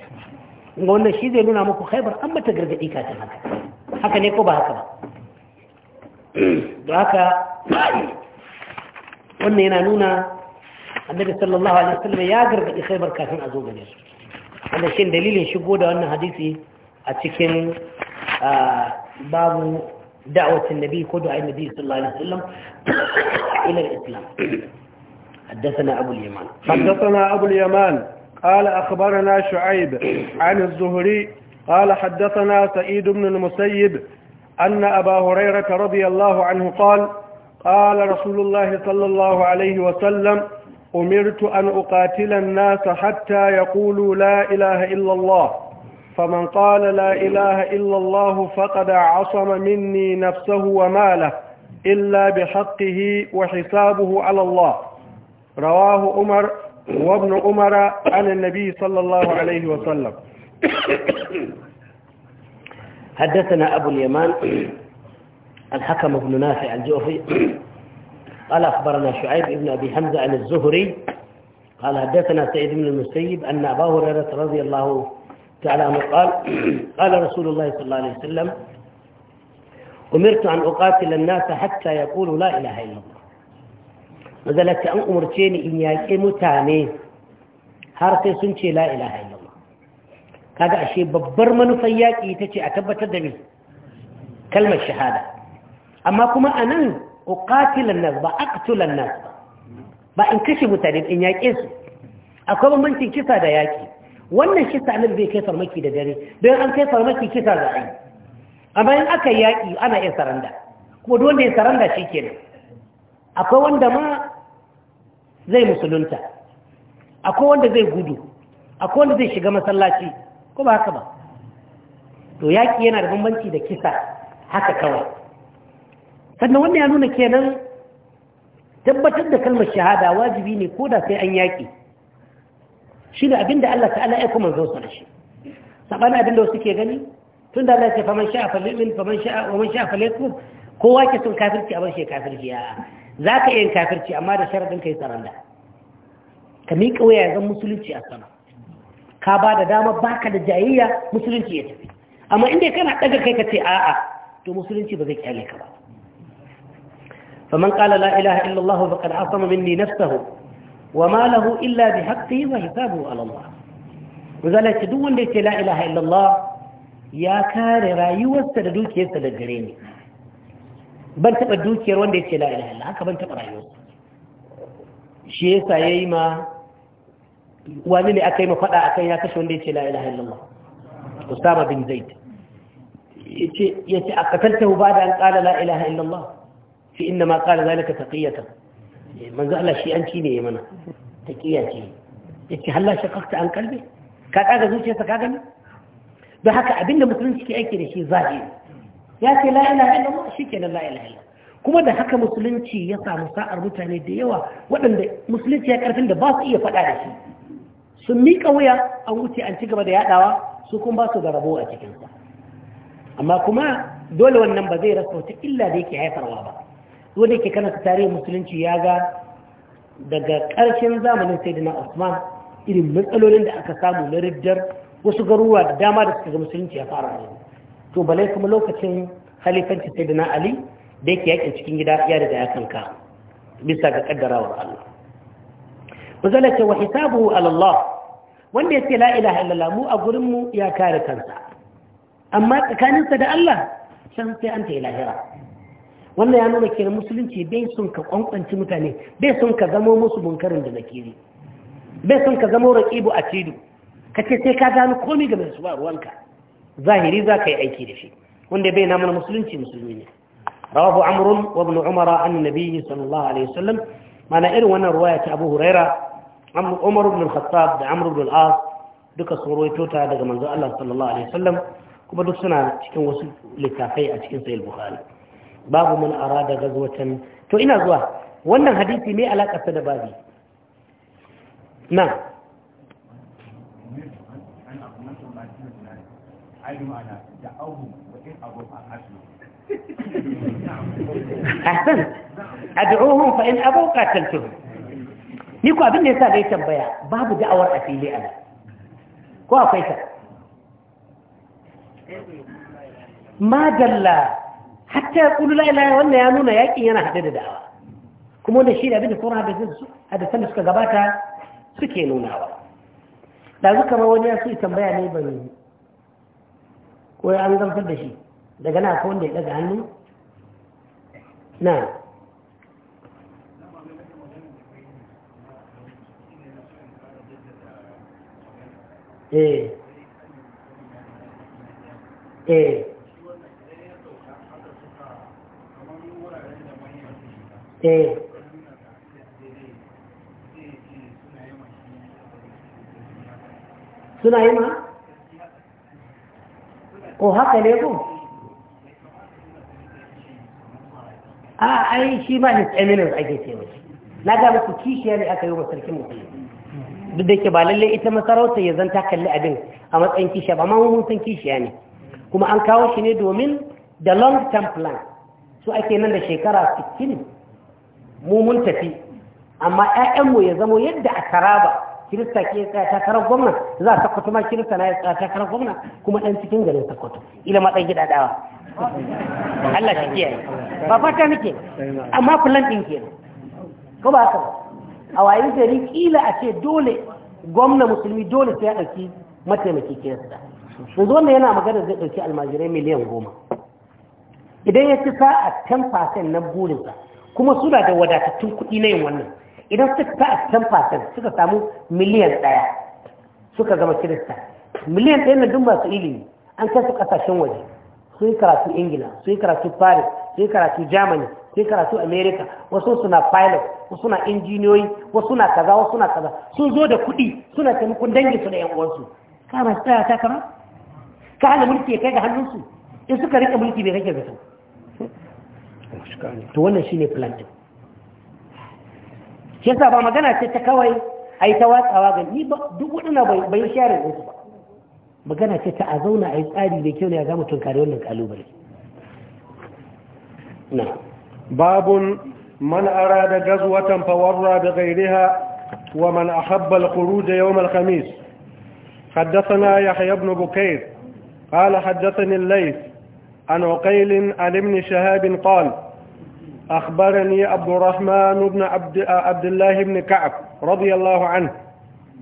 ga wannan shi zai nuna muku haibar an mata gargaɗi kafin haka haka ne ko ba haka ba da haka wannan yana nuna annabi sallallahu alaihi wasallam ya gargaɗi haibar kafin a zo gare su wanda shi dalilin shigo da wannan hadisi a cikin babu da'awatin nabi ko da'ayin nabi sallallahu alaihi wasallam ila islam حدثنا أبو اليمان حدثنا أبو اليمان قال أخبرنا شعيب عن الزهري قال حدثنا سعيد بن المسيب أن أبا هريرة رضي الله عنه قال قال رسول الله صلى الله عليه وسلم أمرت أن أقاتل الناس حتى يقولوا لا إله إلا الله فمن قال لا إله إلا الله فقد عصم مني نفسه وماله إلا بحقه وحسابه على الله رواه عمر وابن عمر عن النبي صلى الله عليه وسلم حدثنا أبو اليمان الحكم بن نافع الجوفي قال أخبرنا شعيب بن أبي حمزة عن الزهري قال حدثنا سعيد بن المسيب أن أبا هريرة رضي الله تعالى عنه قال قال رسول الله صلى الله عليه وسلم أمرت أن أقاتل الناس حتى يقولوا لا إله إلا الله mazalaci an umarce ni in yaƙe mutane har sai sun ce la'ila hailama kaga ashe babbar manufan yaƙi ta ce a tabbatar da ni kalmar shahada amma kuma a nan ƙatilan nan ba aktulan nan, ba in kashe mutane in yaƙe su akwai bambancin kisa da yaƙi wannan kisa nan zai kai farmaki da dare don an kai farmaki kisa za a yi amma in aka yaƙi ana iya saranda kuma dole ya saranda shi kenan akwai wanda ma zai musulunta akwai wanda zai gudu akwai wanda zai shiga masallaci ko ba haka ba to yaƙi yana da bambanci da kisa haka kawai sannan wannan ya nuna kenan tabbatar da kalmar shahada wajibi ne ko da sai an yaƙi shi ne abin da Allah ta'ala ya kuma zo su da shi saɓanin abin da wasu ke gani tun da Allah ya ce faman sha'a famin faman sha'a wa man sha'a kowa ke sun kafirci a bashi kafirci ya za ka iya kafirci amma da sharaɗin ka yi da. ka miƙa waya zan musulunci a sama ka ba da dama baka da jayayya musulunci ya tafi amma inda kana ɗaga kai ka ce a'a to musulunci ba zai kyale ka ba faman qala la ilaha illa allah faqad asama minni nafsuhu wama lahu illa bihaqqihi wa hisabuhu ala allah duk wanda yake la ilaha illallah ya kare rayuwarsa da dukiyarsa da gare ni ban taɓa dukiyar wanda ya ce la ilaha haka ban taɓa rayuwa shi yasa ya yi ma wani ne aka yi mafaɗa a kan ya kashe wanda ya ce la ilaha illallah usama bin zaid ya ce a katalta ba da an ƙala la ilaha illallah fi inna ma ƙala zalika taqiyatan eh, manzo Allah shi an ci ne ya mana ta taqiya ce yace halla shaqaqta an kalbe? ka kaga zuciyarsa ka gani don haka abinda musulunci ke aiki da shi zahiri ya ce la ilaha illallah shikenan la ilaha illallah kuma da haka musulunci ya samu sa'ar mutane da yawa waɗanda musulunci ya karfin da ba su iya faɗa da shi sun miƙa wuya an wuce an ci gaba da yaɗawa su kuma ba su da rabo a cikinsa amma kuma dole wannan ba zai rasa wata illa da yake haifarwa ba wanda yake kana ta tarihin musulunci ya ga daga ƙarshen zamanin sai na osman irin matsalolin da aka samu na riddar wasu garuruwa da dama da suka ga musulunci ya fara yanzu to balai kuma lokacin halifanci sai na ali da yake yakin cikin gida ya riga ya kanka bisa ga kaddarawar Allah ce wa hisabu ala wanda yace la ilaha illallah mu a gurin mu ya kare kansa amma tsakaninsa da Allah san sai an ta ilahira wannan ya nuna kenan musulunci bai sun ka kwankwanci mutane bai sun ka zamo musu bunkarin da nakiri bai sun ka zamo raqibu a cidu kace sai ka gano komai game da su ba ruwanka zahiri za ka yi aiki da shi wanda bai namun musulunci musulmi ne rawahu amrun ibn umara sallallahu alaihi wasallam mana irin wannan ruwaya ta abu huraira umar ibn al-khattab da amru ibn al-as duka sun ruwaito ta daga manzo Allah sallallahu alaihi wasallam kuma duk suna cikin wasu littafai a cikin sahih bukhari babu man arada gazwatan to ina zuwa wannan hadisi me alaka da babi na ayi ma'ana da abu wa in abu a aslu ahsan ni ko abin da yasa dai tambaya babu da'awar a fili ana ko akwai ta madalla hatta ya kulu la'ila ya nuna yakin yana haɗe da da'awa kuma wanda shi da abin da sauran hadisan da suka gabata suke nunawa da zuka ma wani ya su tambaya ne ban ko ya an gamsar da shi daga na ko wanda ya daga hannu na eh eh eh suna yi ma ko haka ne ku a ai shi ma his eminence ake ce mace na ga muku kishiya ne aka yi wa sarkin musulmi duk da ke ba lalle ita masarauta ya zanta kalli abin a matsayin kishiya ba amma mun san kishiya ne kuma an kawo shi ne domin da long term plan su ake nan da shekara 60 mu mun tafi amma 'ya'yanmu ya zamo yadda a taraba kirista ke tsaya takarar gwamna za a sakwato ma kirista na ya tsaya takarar gwamna kuma ɗan cikin garin sakwato ila matsayin gida dawa Allah shi kiyaye ba fata nake amma kullum ɗin ke ko ba haka a wayin gari kila a ce dole gwamna musulmi dole sai ya ɗauki mataimaki kirista yanzu wannan yana magana zai ɗauki almajirai miliyan goma idan ya ci sa'a 10% na burinsa kuma suna da wadatattun kuɗi na yin wannan idan suka ta a fasan suka samu miliyan ɗaya suka zama kirista miliyan ɗaya na duk masu ilimi an kai su ƙasashen waje su yi karatu ingila su yi karatu paris su yi karatu germany su yi karatu america wasu suna pilot wasu suna injiniyoyi wasu na kaza wasu na kaza sun zo da kuɗi suna taimakon dangin su da yan uwansu ka su tsaya ta kama ka hana mulki ya kai ga hannunsu in suka rika mulki bai kake zato to wannan shine plan din shi yasa ba magana ce ta kawai ai ta watsawa ga ni ba duk wadana bai bai share wasu ba magana ce ta a zauna ai tsari da kyau ne ga mutun kare wannan kalubale na babun man arada gazwatan fawarra bi ghayriha ومن أحب الخروج يوم الخميس حدثنا يحيى بن بكير قال حدثني الليث عن عقيل عن ابن شهاب قال أخبرني عبد الرحمن بن عبد, عبد الله بن كعب رضي الله عنه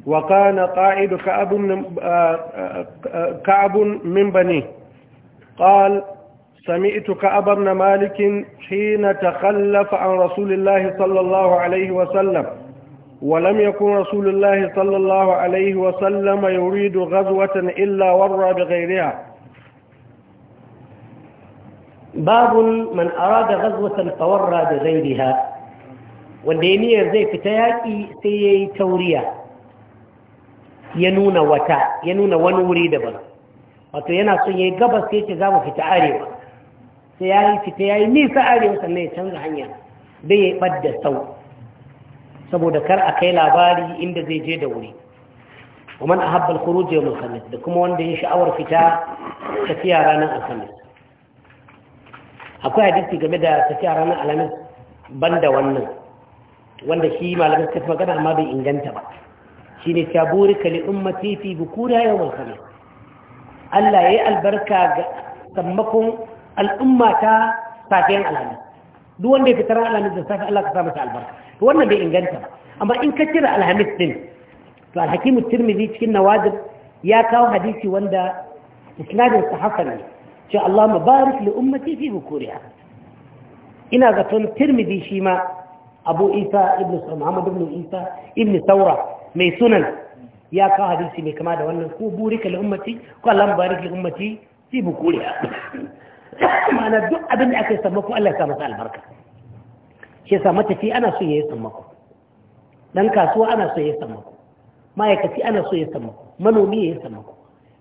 وكان قائد كعب كعب من بنيه قال سمعت كعب بن مالك حين تخلف عن رسول الله صلى الله عليه وسلم ولم يكن رسول الله صلى الله عليه وسلم يريد غزوة إلا ورى بغيرها باب من أراد غزوة فورى بغيرها والدينية زي فتياكي سي تورية ينون وتا ينون ونوري دبر wato yana son ya yi gabas sai ce za mu fita arewa sai ya yi fita ya yi nisa arewa sannan ya canza hanya bai ya ɓadda sau saboda kar a kai labari inda zai je da wuri ومن أحب الخروج يوم الخميس ده كما وانده يشعور فتا تفيا رانا الخميس akwai hadisi game da tafiya ranar alamis ban da wannan wanda shi malamin suka fi magana amma bai inganta ba shi ne ta buri kali ummati fi bukura yau mai Allah ya yi albarka ga sammakon al'umma ta safiyan alamis duk wanda ya fitar alamis da safi Allah ka sa masa albarka to wannan bai inganta ba amma in ka cire alhamis din to alhakimu tirmidhi cikin nawajib ya kawo hadisi wanda isnadin sa hasan ne ce Allah mabarik li ummati fi bukuriha ina zaton tirmidhi shi ma abu isa ibn muhammad ibn isa ibn saura mai sunan ya kawo hadisi mai kama da wannan ko burika li ummati ko Allah mabarik li ummati fi bukuriha ma'ana duk abin da aka yi sammako Allah ya sa masa albarka shi yasa matafi ana so ya yi sammako dan kasuwa ana so ya yi sammako ma'aikaci ana so ya sammako manomi ya yi sammako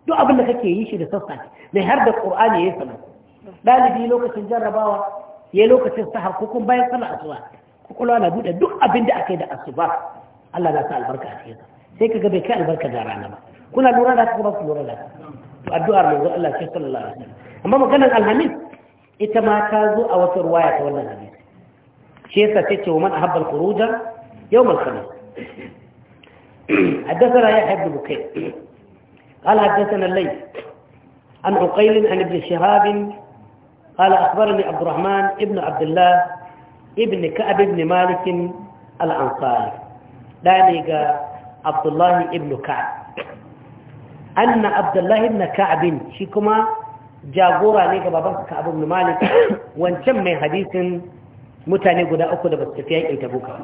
duk abin da kake yi shi da sassafe هرد القرآن يسمع بالي في لوكة جربوا يا لوكة السحر كوكم باين صلاة أسوا كوكم أنا بودا دق أبند أكيد أسوا الله لا سأل بركة أسوا سيكا قبل كان البركة دارانا ما كنا لورا لا تقوم بس لورا لا الدعاء الله شيء صلى الله عليه وسلم أما ما كان الحميد إذا كازو أو ترواية ولا نبي شيء ستة ومن أحب الخروج يوم الخميس حدثنا يا حبيب بكير قال حدثنا الليل عن عقيل عن ابن شهاب قال أخبرني عبد الرحمن ابن عبد الله ابن كعب بن مالك الأنصاري داني عبد الله ابن كعب أن عبد الله ابن كعب شيكما جاغورا نيجا بابا كعب بن مالك وانشم من حديث متاني قد أخذ بالسفياء انتبوكا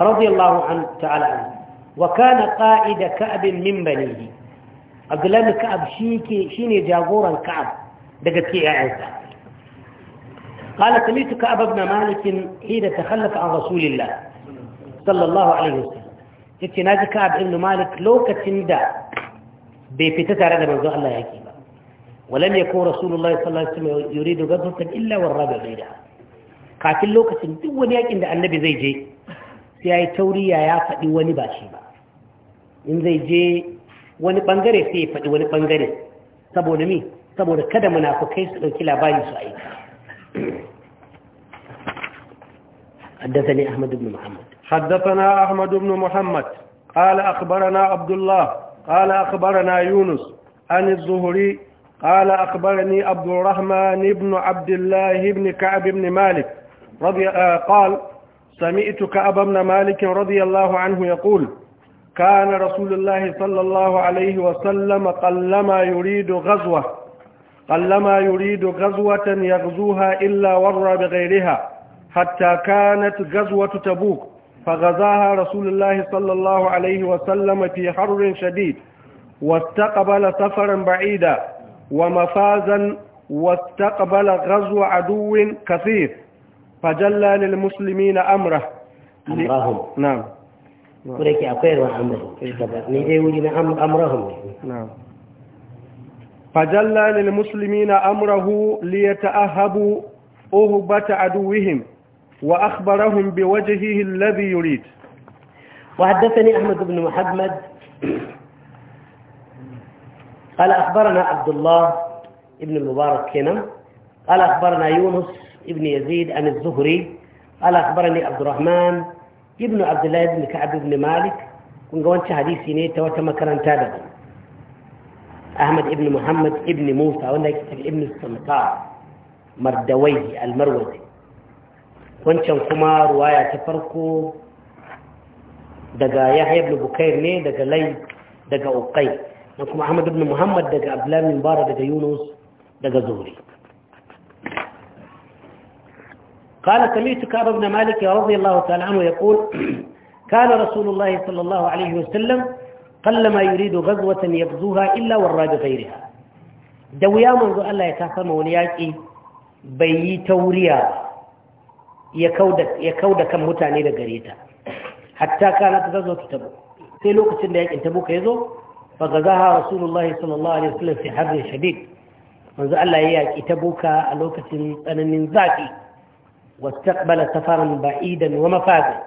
رضي الله عنه تعالى عنه وكان قائد كعب من بنيه abdullahi ka'ab shi ne jagoran ka'ab daga ce ‘ya'yansa قال سمعت كعب بن malikin حين تخلف عن an rasulillah. Sallallahu alaihi عليه وسلم yace na ji ka'ab ibn malik lokacin da bai fita tare da manzo Allah yake ba walam ko rasulullahi sallallahu alaihi wasallam yuridu ghazwatan illa warada da. kafin lokacin duk wani yakin da annabi zai je sai ya yi tauriya ya faɗi wani ba shi ba in zai je wani bangare sai ya faɗi wani bangare saboda mi saboda kada munafukai su ɗauki labari su aika حدثني أحمد بن محمد حدثنا أحمد بن محمد قال أخبرنا عبد الله قال أخبرنا يونس عن الزهري قال أخبرني عبد الرحمن بن عبد الله بن كعب بن مالك رضي آه، قال سمعت كعب بن مالك رضي الله عنه يقول كان رسول الله صلى الله عليه وسلم قلما يريد غزوة قلما يريد غزوة يغزوها إلا ور بغيرها حتى كانت غزوة تبوك فغزاها رسول الله صلى الله عليه وسلم في حر شديد واستقبل سفرا بعيدا ومفازا واستقبل غزو عدو كثير فجلى للمسلمين أمره أمرهم نعم ولك أقير نجي أمرهم نعم فجلى للمسلمين أمره ليتأهبوا أهبة عدوهم وأخبرهم بوجهه الذي يريد وحدثني أحمد بن محمد قال أخبرنا عبد الله ابن المبارك هنا قال أخبرنا يونس ابن يزيد عن الزهري قال أخبرني عبد الرحمن ibn abdullahi ibn ka'ab ibn malik kun ga wancan hadisi ne ta wata makaranta da ahmad ibn muhammad ibn musa wanda yake tafi ibn samta mardawai almarwazi wancan kuma ruwaya ta farko daga yahya ibn bukair ne daga lai daga uqay na kuma ahmad ibn muhammad daga abdullahi bin bara daga yunus daga قال سمعت كعب بن مالك رضي الله تعالى عنه يقول كان رسول الله صلى الله عليه وسلم قلما يريد غزوة يغزوها إلا ورى بغيرها دويا منذ ألا يتعصم ونياكي بي توريا يكود كم متعني لغريتا حتى كانت غزوة تبوك في لوقت اللي يكن تبوك يزو فغزاها رسول الله صلى الله عليه وسلم في حر شديد منذ ألا يتبوك لوقت أنا من ذاتي واستقبل سفرا بعيدا ومفادا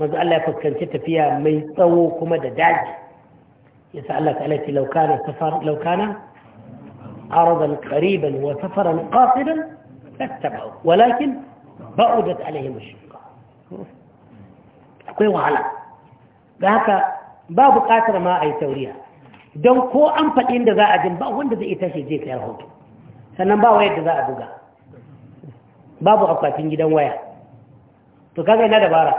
ماذا الله فكان تفيا ميتو كما داج يسألك عليك لو كان سفر لو كان عرضا قريبا وسفرا قاصدا فاتبعوا ولكن بعدت عليهم الشقة akwai wahala da haka ba bukatar ma a yi tauriya don ko an faɗin da za a jin ba wanda zai tashi je kayar hoto sannan ba wayar da za a buga babu akwatin gidan waya to kaga ina dabara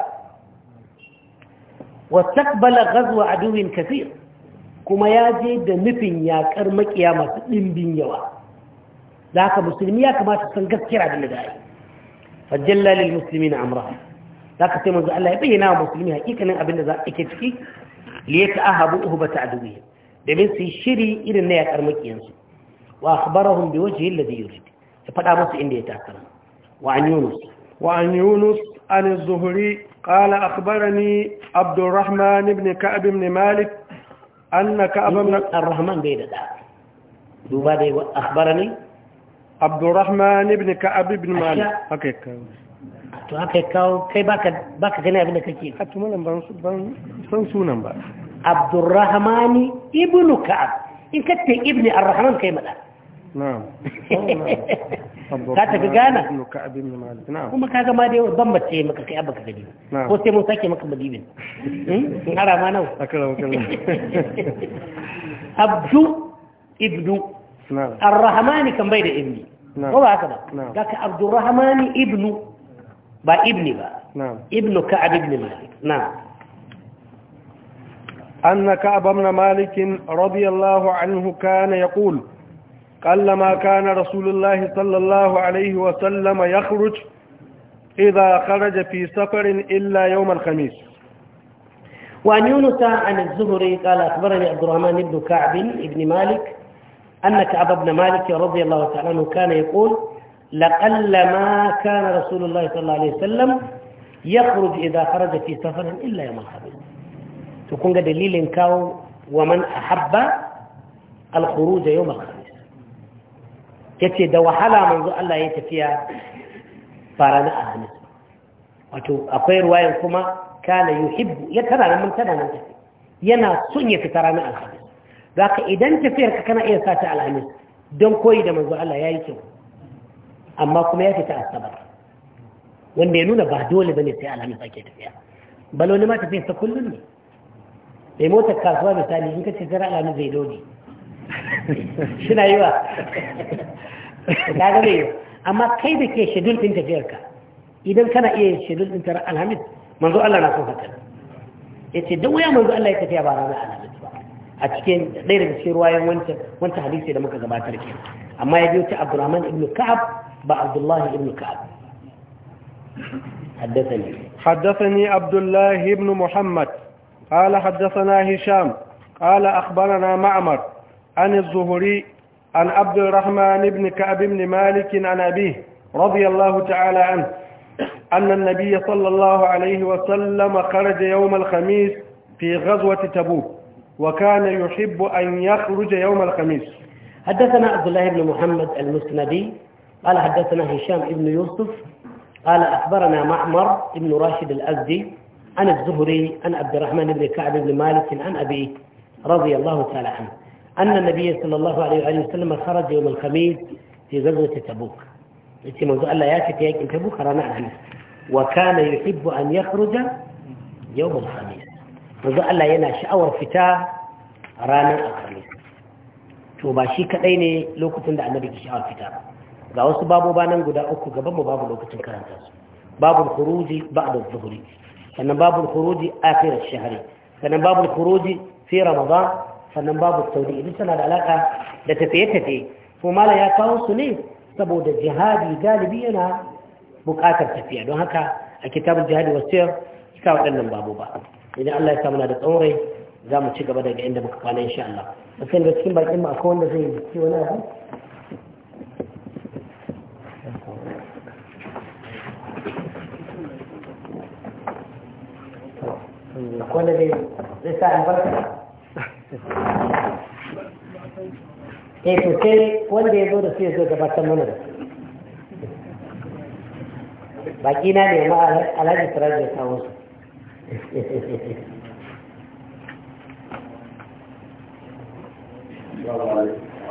wastaqbala ghazwa aduwin kaseer kuma ya je da nufin yakar makiya masu dimbin yawa zaka musulmi ya kamata san gaskiya da nadai fajalla lil muslimina amra zaka sai manzo Allah ya bayyana wa musulmi hakikanin abin da za a ke ciki li yata'ahabu uhbata aduwin domin su shiri irin na yakar makiyansu wa akhbarahum biwajhi alladhi yurid ya fada musu inda ya takara وعن يونس وعن يونس عن الزهري قال أخبرني عبد الرحمن بن كعب بن مالك أن كعب بن الرحمن بيد دوبا أخبرني عبد الرحمن بن كعب بن مالك أكيد to haka kawo kai baka baka gani abin kake a to mallam ban sunan ba Abdurrahman ibn Ka'ab in kace ibni Arrahman kai mada na'am ka tafi gana kuma kaga ma dai ban bace maka kai abaka gani ko sai mun sake maka madibin in hara ma nau abdu ibnu arrahmani kan bai da ibni ko ba haka ba daga abdurrahmani ibnu ba ibni ba ibnu ka'ab ibn malik na'am أن كعب بن مالك رضي الله عنه كان يقول قلما كان رسول الله صلى الله عليه وسلم يخرج إذا خرج في سفر إلا يوم الخميس وعن يونس عن الزهري قال أخبرني عبد الرحمن بن كعب بن مالك أن كعب بن مالك رضي الله تعالى عنه كان يقول لقلما كان رسول الله صلى الله عليه وسلم يخرج إذا خرج في سفر إلا يوم الخميس تكون دليل كاو ومن أحب الخروج يوم الخميس ya ce da wahala manzo Allah ya tafiya fara na ahalis wato akwai ruwayan kuma kana yuhibbu ya tara nan mun tana nan tafi yana son ya fitara ranar alhamis za ka idan tafiyar ka kana iya sata alhamis don koyi da manzo Allah ya yi kyau amma kuma ya fita asabar wanda ya nuna ba dole bane sai alhamis ake tafiya baloni ma tafiyar ta kullum ne mai motar kasuwa misali in ka ce sai alhamis zai dole shi na yi wa ka ga zai amma kai da ke shedul ɗin tafiyarka idan kana iya shedul ɗin tarar alhamis manzo Allah na so haka ya ce duk wuya manzo Allah ya tafiya ba ranar alhamis ba a cikin ɗaya daga cikin ruwayen wancan wancan hadisi da muka gabatar ke amma ya biyo ta Abdurrahman ibn Ka'ab ba Abdullah ibn Ka'ab حدثني حدثني عبد الله بن محمد قال حدثنا هشام قال أخبرنا معمر عن الزهري عن عبد الرحمن بن كعب بن مالك عن أبيه رضي الله تعالى عنه أن النبي صلى الله عليه وسلم خرج يوم الخميس في غزوة تبوك وكان يحب أن يخرج يوم الخميس حدثنا عبد الله بن محمد المسندي قال حدثنا هشام بن يوسف قال أخبرنا معمر بن راشد الأزدي عن الزهري عن عبد الرحمن بن كعب بن مالك عن أبيه رضي الله تعالى عنه أن النبي صلى الله عليه وسلم خرج يوم الخميس في غزوة تبوك يتي منذ ألا ياتي في يكن تبوك رانا وكان يحب أن يخرج يوم الخميس منذ ألا يناش أور فتاة رانا الخميس to ba shi kadai ne lokacin da annabi ke sha'awar fita ga wasu ba nan guda uku gaban mu babu lokacin karanta su babu khuruji ba'da zuhri sannan babu khuruji akhir ash-shahr sannan babu khuruji fi ramadan sannan babu tauri idan tana da alaka da tafiye-tafiye to malam ya kawo su ne saboda jihadi galibi yana bukatar tafiya don haka a kitabun jihadi wasiyar suka waɗannan babu ba idan Allah ya samu na da tsaurai za mu ci gaba daga inda muka kwana insha Allah sai da cikin bakin mu akwai wanda zai ci wani abu akwai wanda zai sa albarka eh wanda ya zo da su ya zo gabatar mana da baki na ne ma alhaji sirar da kawo su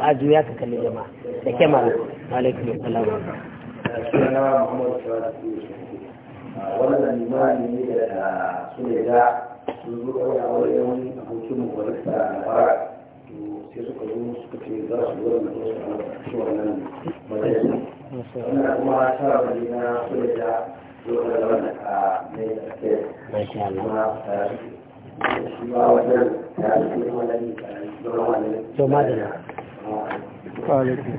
a juya ka kalli da kyamar alaikum salam wannan limani ne da su ne da sun a da fara sai suka zo suka ce za su zo da su wannan majalisa wannan kuma tara bari na kuma da zuwa da wannan a mai da ke kuma shi ba wannan ya ce wannan zuwa wannan to madalla وعليكم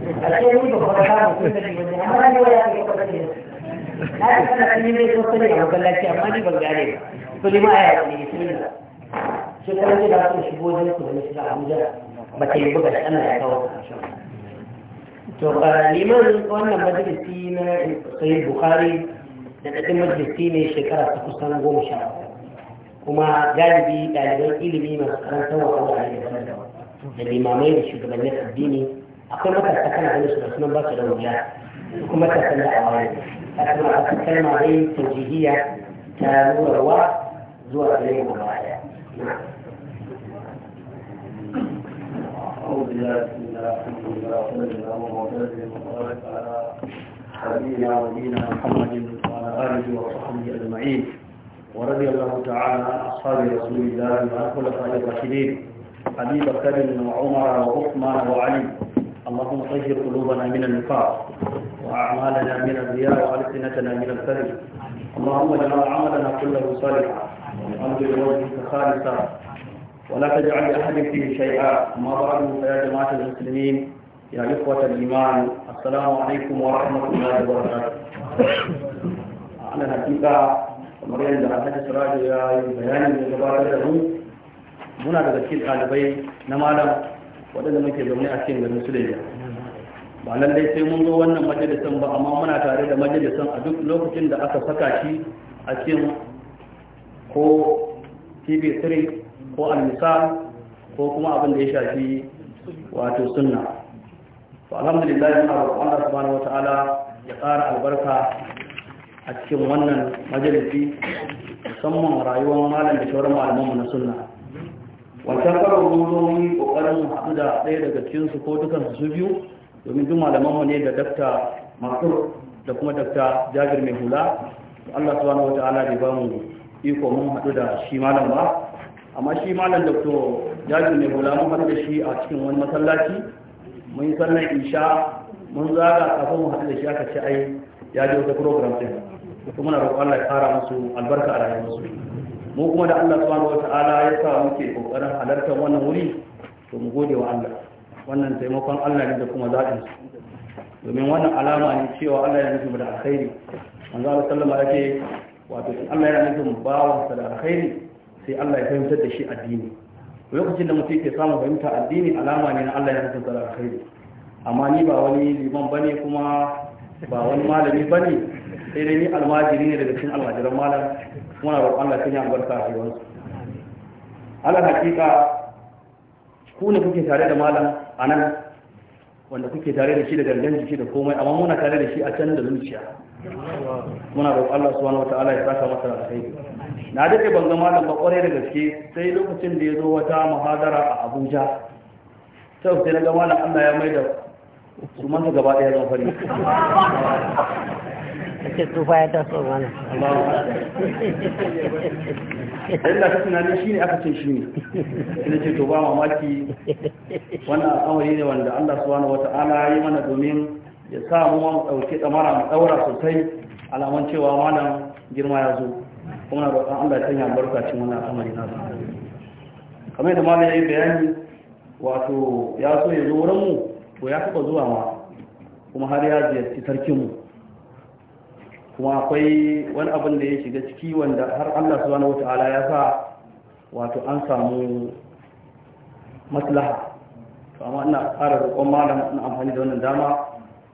السلام. ba ta yi buga da Allah ya kawo to liman wannan majalisi na sayyid bukhari da ɗaɗin majalisi ne shekara ta kusan goma sha kuma galibi ɗaliban ilimi masu karantar wa kawo da limamai da shugabannin addini akwai matasa kana ganin su da sunan ba su da wuya su kuma ta sanda a wani a kuma a kan kalma dai taujihiya ta nurarwa zuwa gare mu gaba ɗaya أعوذ بالله بسم الله الحمد لله وصلى الله وسلم وبارك على حبيبنا ونبينا محمد وعلى آله وصحبه أجمعين ورضي الله تعالى عن أصحاب رسول الله والخلفاء الراشدين أبي بكر وعمر وعثمان وعلي اللهم طهر قلوبنا من النفاق وأعمالنا من الرياء وألسنتنا من الكذب اللهم اجعل عملنا كله صالحا والأمر لوجهك خالصا ولا تجعل لأحد فيه شيئا ما ظلموا فيا جماعة المسلمين يا إخوة الإيمان السلام عليكم ورحمة الله وبركاته أنا الحقيقة مريم جعل هذا السراج يا بيان من جبارة له منا تذكير قال بي نمالا وده لم يكن يومي أكين للمسلمين ba lallai sai mun zo wannan majalisan ba amma muna tare da أنا a duk lokacin da aka saka shi a cikin ko tv ko al-misal ko kuma abin da ya shafi wato sunna to alhamdulillah ina Allah subhanahu wataala ya ƙara albarka a cikin wannan majalisi musamman rayuwar malam da shawarar malamanmu na sunna wancan karo mun zo kokarin haɗu da ɗaya daga cikin su ko dukan su biyu domin duk malamanmu ne da dakta masu da kuma dakta jabir mai hula Allah subhanahu wataala bai ba mu iko mun haɗu da shi malam ba amma shi malam dr jaji ne bola mun haɗu da shi a cikin wani masallaci mun yi sallan mun zaga kafin mu haɗu da shi aka ce ai ya je wata program din kuma na roƙon Allah ya fara musu albarka a su mu kuma da Allah subhanahu wataala ya sa muke kokarin halartar wannan wuri to mu gode wa Allah wannan taimakon Allah ne da kuma zaɗin su domin wannan alama ne cewa Allah ya mu da alkhairi manzo Allah ya ce wato in Allah ya nufi bawa bawansa da alkhairi sai Allah ya fahimtar da shi addini lokacin da mutum ke samun fahimta addini alama ne na Allah ya fahimtar da alkhairi amma ni ba wani liman bane kuma ba wani malami bane sai dai ni almajiri ne daga cikin almajiran malam muna roƙon Allah ya albarka a rayuwarsu ala hakika ku ne kuke tare da malam a anan wanda kuke tare da shi da gangan jiki da komai amma muna tare da shi a can da zuciya muna roƙon Allah subhanahu ta'ala ya saka masa alkhairi na dade ban ga malam ba kwarai da gaske sai lokacin da ya zo wata muhadara a Abuja sai sai na ga malam Allah ya mai da masa gaba ɗaya zan fari ce tsufa ya taso mana inda ta tunanin shi ne aka ce shi ne ina ce to ba mamaki wannan al'amari ne wanda allah subhanahu wa ta'ala yi mana domin ya sa mu mu ɗauki ɗamara mu ɗaura sosai alaman cewa malam girma ya zo kuma na roƙon allah ya sanya albarka cin wannan al'amari na sa kamar yadda malam ya yi bayani wato ya so ya zo wurinmu mu to ya taɓa zuwa ma kuma har ya ziyarci sarkinmu kuma akwai wani abin da ya shiga ciki wanda har Allah subhanahu wata'ala ya sa wato an samu maslaha to amma ina ƙara roƙon malam ina amfani da wannan dama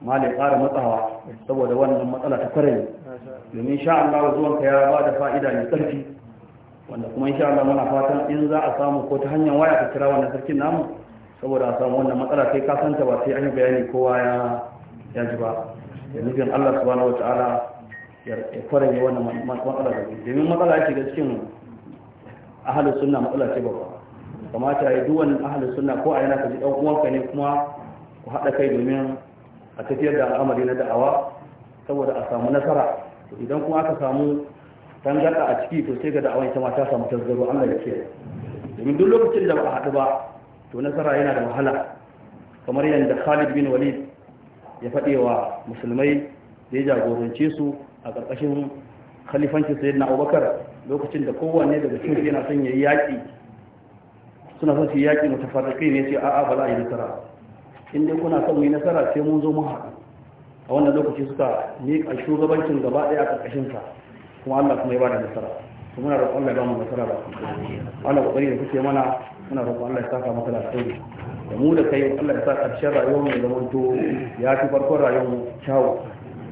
malam ƙara matsawa saboda wannan matsala ta kare domin sha Allah zuwan ka ya ba da fa'ida mai ƙarfi wanda kuma insha Allah muna fatan in za a samu ko ta hanyar waya ka kira wannan sarkin namu saboda a samu wannan matsala kai ka santa ba sai an yi bayani kowa ya ya ji ba da nufin Allah subhanahu wata'ala ya kwarai wannan matsala da domin matsala ce cikin ahalus sunna matsala ce babba kamata ya duwan wani ahalus sunna ko a yana ka ji dan uwanka ne kuma ku haɗa kai domin a tafiyar da al'amari na da'awa saboda a samu nasara idan kuma aka samu tangarɗa a ciki to sai ga da'awa ita ma ta samu tasgaro Allah ya kiyaye domin duk lokacin da ba a haɗu ba to nasara yana da wahala kamar yadda Khalid bin Walid ya faɗewa musulmai da ya jagorance su a ƙarƙashin khalifancin sayyidina abubakar lokacin da kowanne daga cikin yana son yi yaƙi suna son su yi yaƙi mutafarriqi ne sai a'a ba za a yi nasara in dai kuna son mu yi nasara sai mun zo mu haɗu a wannan lokaci suka miƙa shugabancin gaba ɗaya a ƙarƙashin sa kuma Allah kuma ya bada nasara to muna roƙon Allah ya ba mu nasara ba Allah kokari da kuke mana muna roƙon Allah ya saka maka da sauri. da mu da kai Allah ya sa ƙarshen rayuwar mu da mun to ya fi farkon rayuwar mu kyawu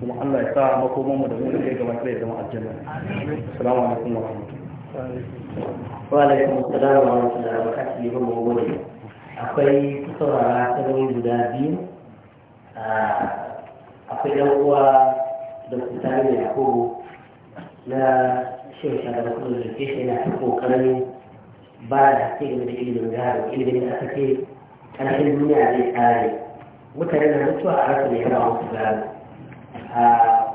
kuma Allah ya sa makoman mu da mu da kai gaba sai zama aljanna assalamu alaikum wa rahmatullahi wa alaikum assalam wa rahmatullahi wa barakatuh ba mu gode akwai saurara ta gani guda biyu akwai yan uwa da mutane da yakubu na shirin shagar kudin da ke shi yana ta kokarin ba da haske game da ilimin gado ilimin da aka ce ƙarfin duniya zai tsare mutane na mutuwa a rasa ne yana wasu gado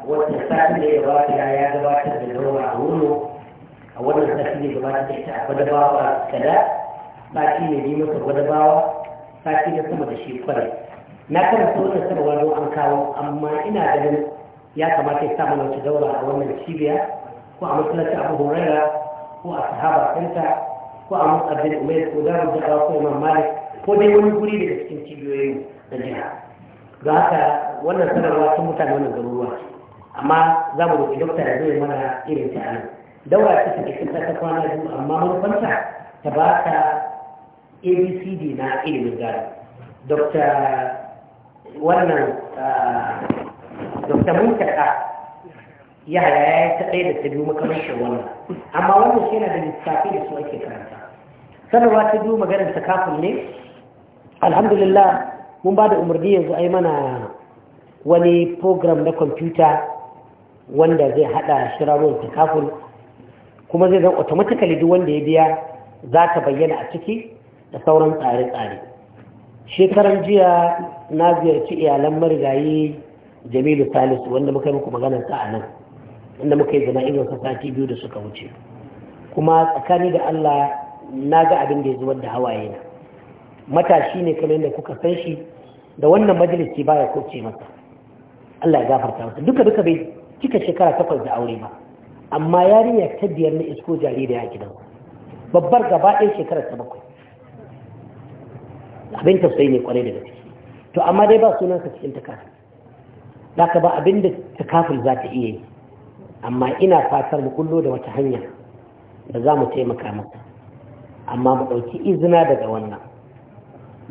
wata satin da ya gabata ya gabatar da rawa a wuro a wannan satin da ya gabata da ita a gwadabawa kada sati ne bi masa bawa sati da sama da shi kwarai na karanta wannan sanarwa don an kawo amma ina ganin ya kamata ya sa mana wata daura a wannan cibiya ko a masallacin abu horaira ko a sahaba center ko a masallacin umar ko da mu ko imam malik ko dai wani guri daga cikin cibiyoyin da jiha ga haka wannan sanarwa sun mutane wannan garuruwa amma za mu roƙi dokta da zai mana irin ta nan daura ta take sun ta kwana biyu amma manufanta ta ba ta abcd na ilimin gado dokta wannan dokta muntaka ya halaya ta ɗaya da ta biyu makamashin wannan amma wannan shi yana da lissafi da su ake karanta sanarwa ta biyu maganar ta kafin ne alhamdulillah mun ba da umarni yanzu a yi mana wani program na kwamfuta wanda zai hada shirarwar takaful kuma zai zan automatically duk wanda ya biya za ta bayyana a ciki da sauran tsare-tsare shekaran jiya na ziyarci iyalan marigayi jamilu salisu wanda muka yi muku maganar ta a nan inda muka yi zama sa sati biyu da suka wuce kuma tsakani da allah na ga abin da ya zubar da hawaye na matashi ne kamar yadda kuka san shi da wannan majalisi baya koce masa Allah ya gafarta masa duka duka bai cika shekara takwas da aure ba amma yarinya ta biyar na isko jarida a gidan babbar gaba ɗaya shekarar ta bakwai abin tausayi ne kwarai da gaske to amma dai ba sunan ka cikin takafin ka ba abin da takafin za ta iya yi amma ina fatar mu kullo da wata hanya da za mu taimaka masa amma mu ɗauki izina daga wannan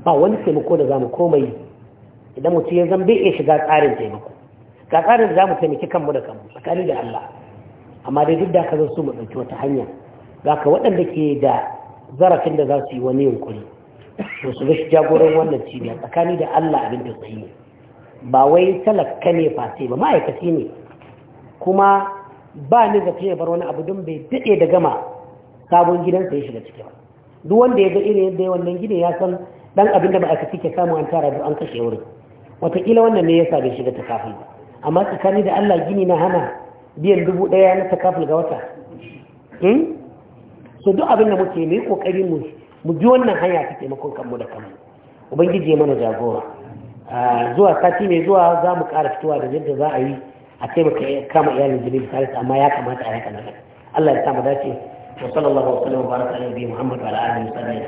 ba wani taimako da za mu komai idan mutum ya zan bai iya shiga tsarin taimako ga tsarin da za mu taimaki kanmu da kanmu tsakani da Allah amma dai duk da ka zo su mu ɗauki wata hanya za ka waɗanda ke da zarafin da za su yi wani yunkuri to su ga jagoran wannan cibiya tsakani da Allah abin da tsayi ba wai talaka ne face ba ma'aikaci ne kuma ba ni zafi ya bar wani abu don bai daɗe da gama sabon gidansa ya shiga ciki ba duk wanda ya ga irin yadda wannan gidan ya san dan abin da ma'aikaci ke samu an tara duk an kashe wurin wataƙila wannan ne ya sa bai shiga ta kafin ba amma tsakani da Allah gini na hana biyan dubu ɗaya na takafil ga wata hmm? so duk abin da muke mai kokari mu mu bi wannan hanya ta taimakon kanmu da kanmu ubangiji ya mana jagora zuwa sati mai zuwa za mu ƙara fitowa da yadda za a yi a taimaka kama iyalin jini da sarisa amma ya kamata a yi nan Allah ya sa mu dace wa sallallahu alaihi wa sallam wa baraka alaihi Muhammad wa alihi wa sallam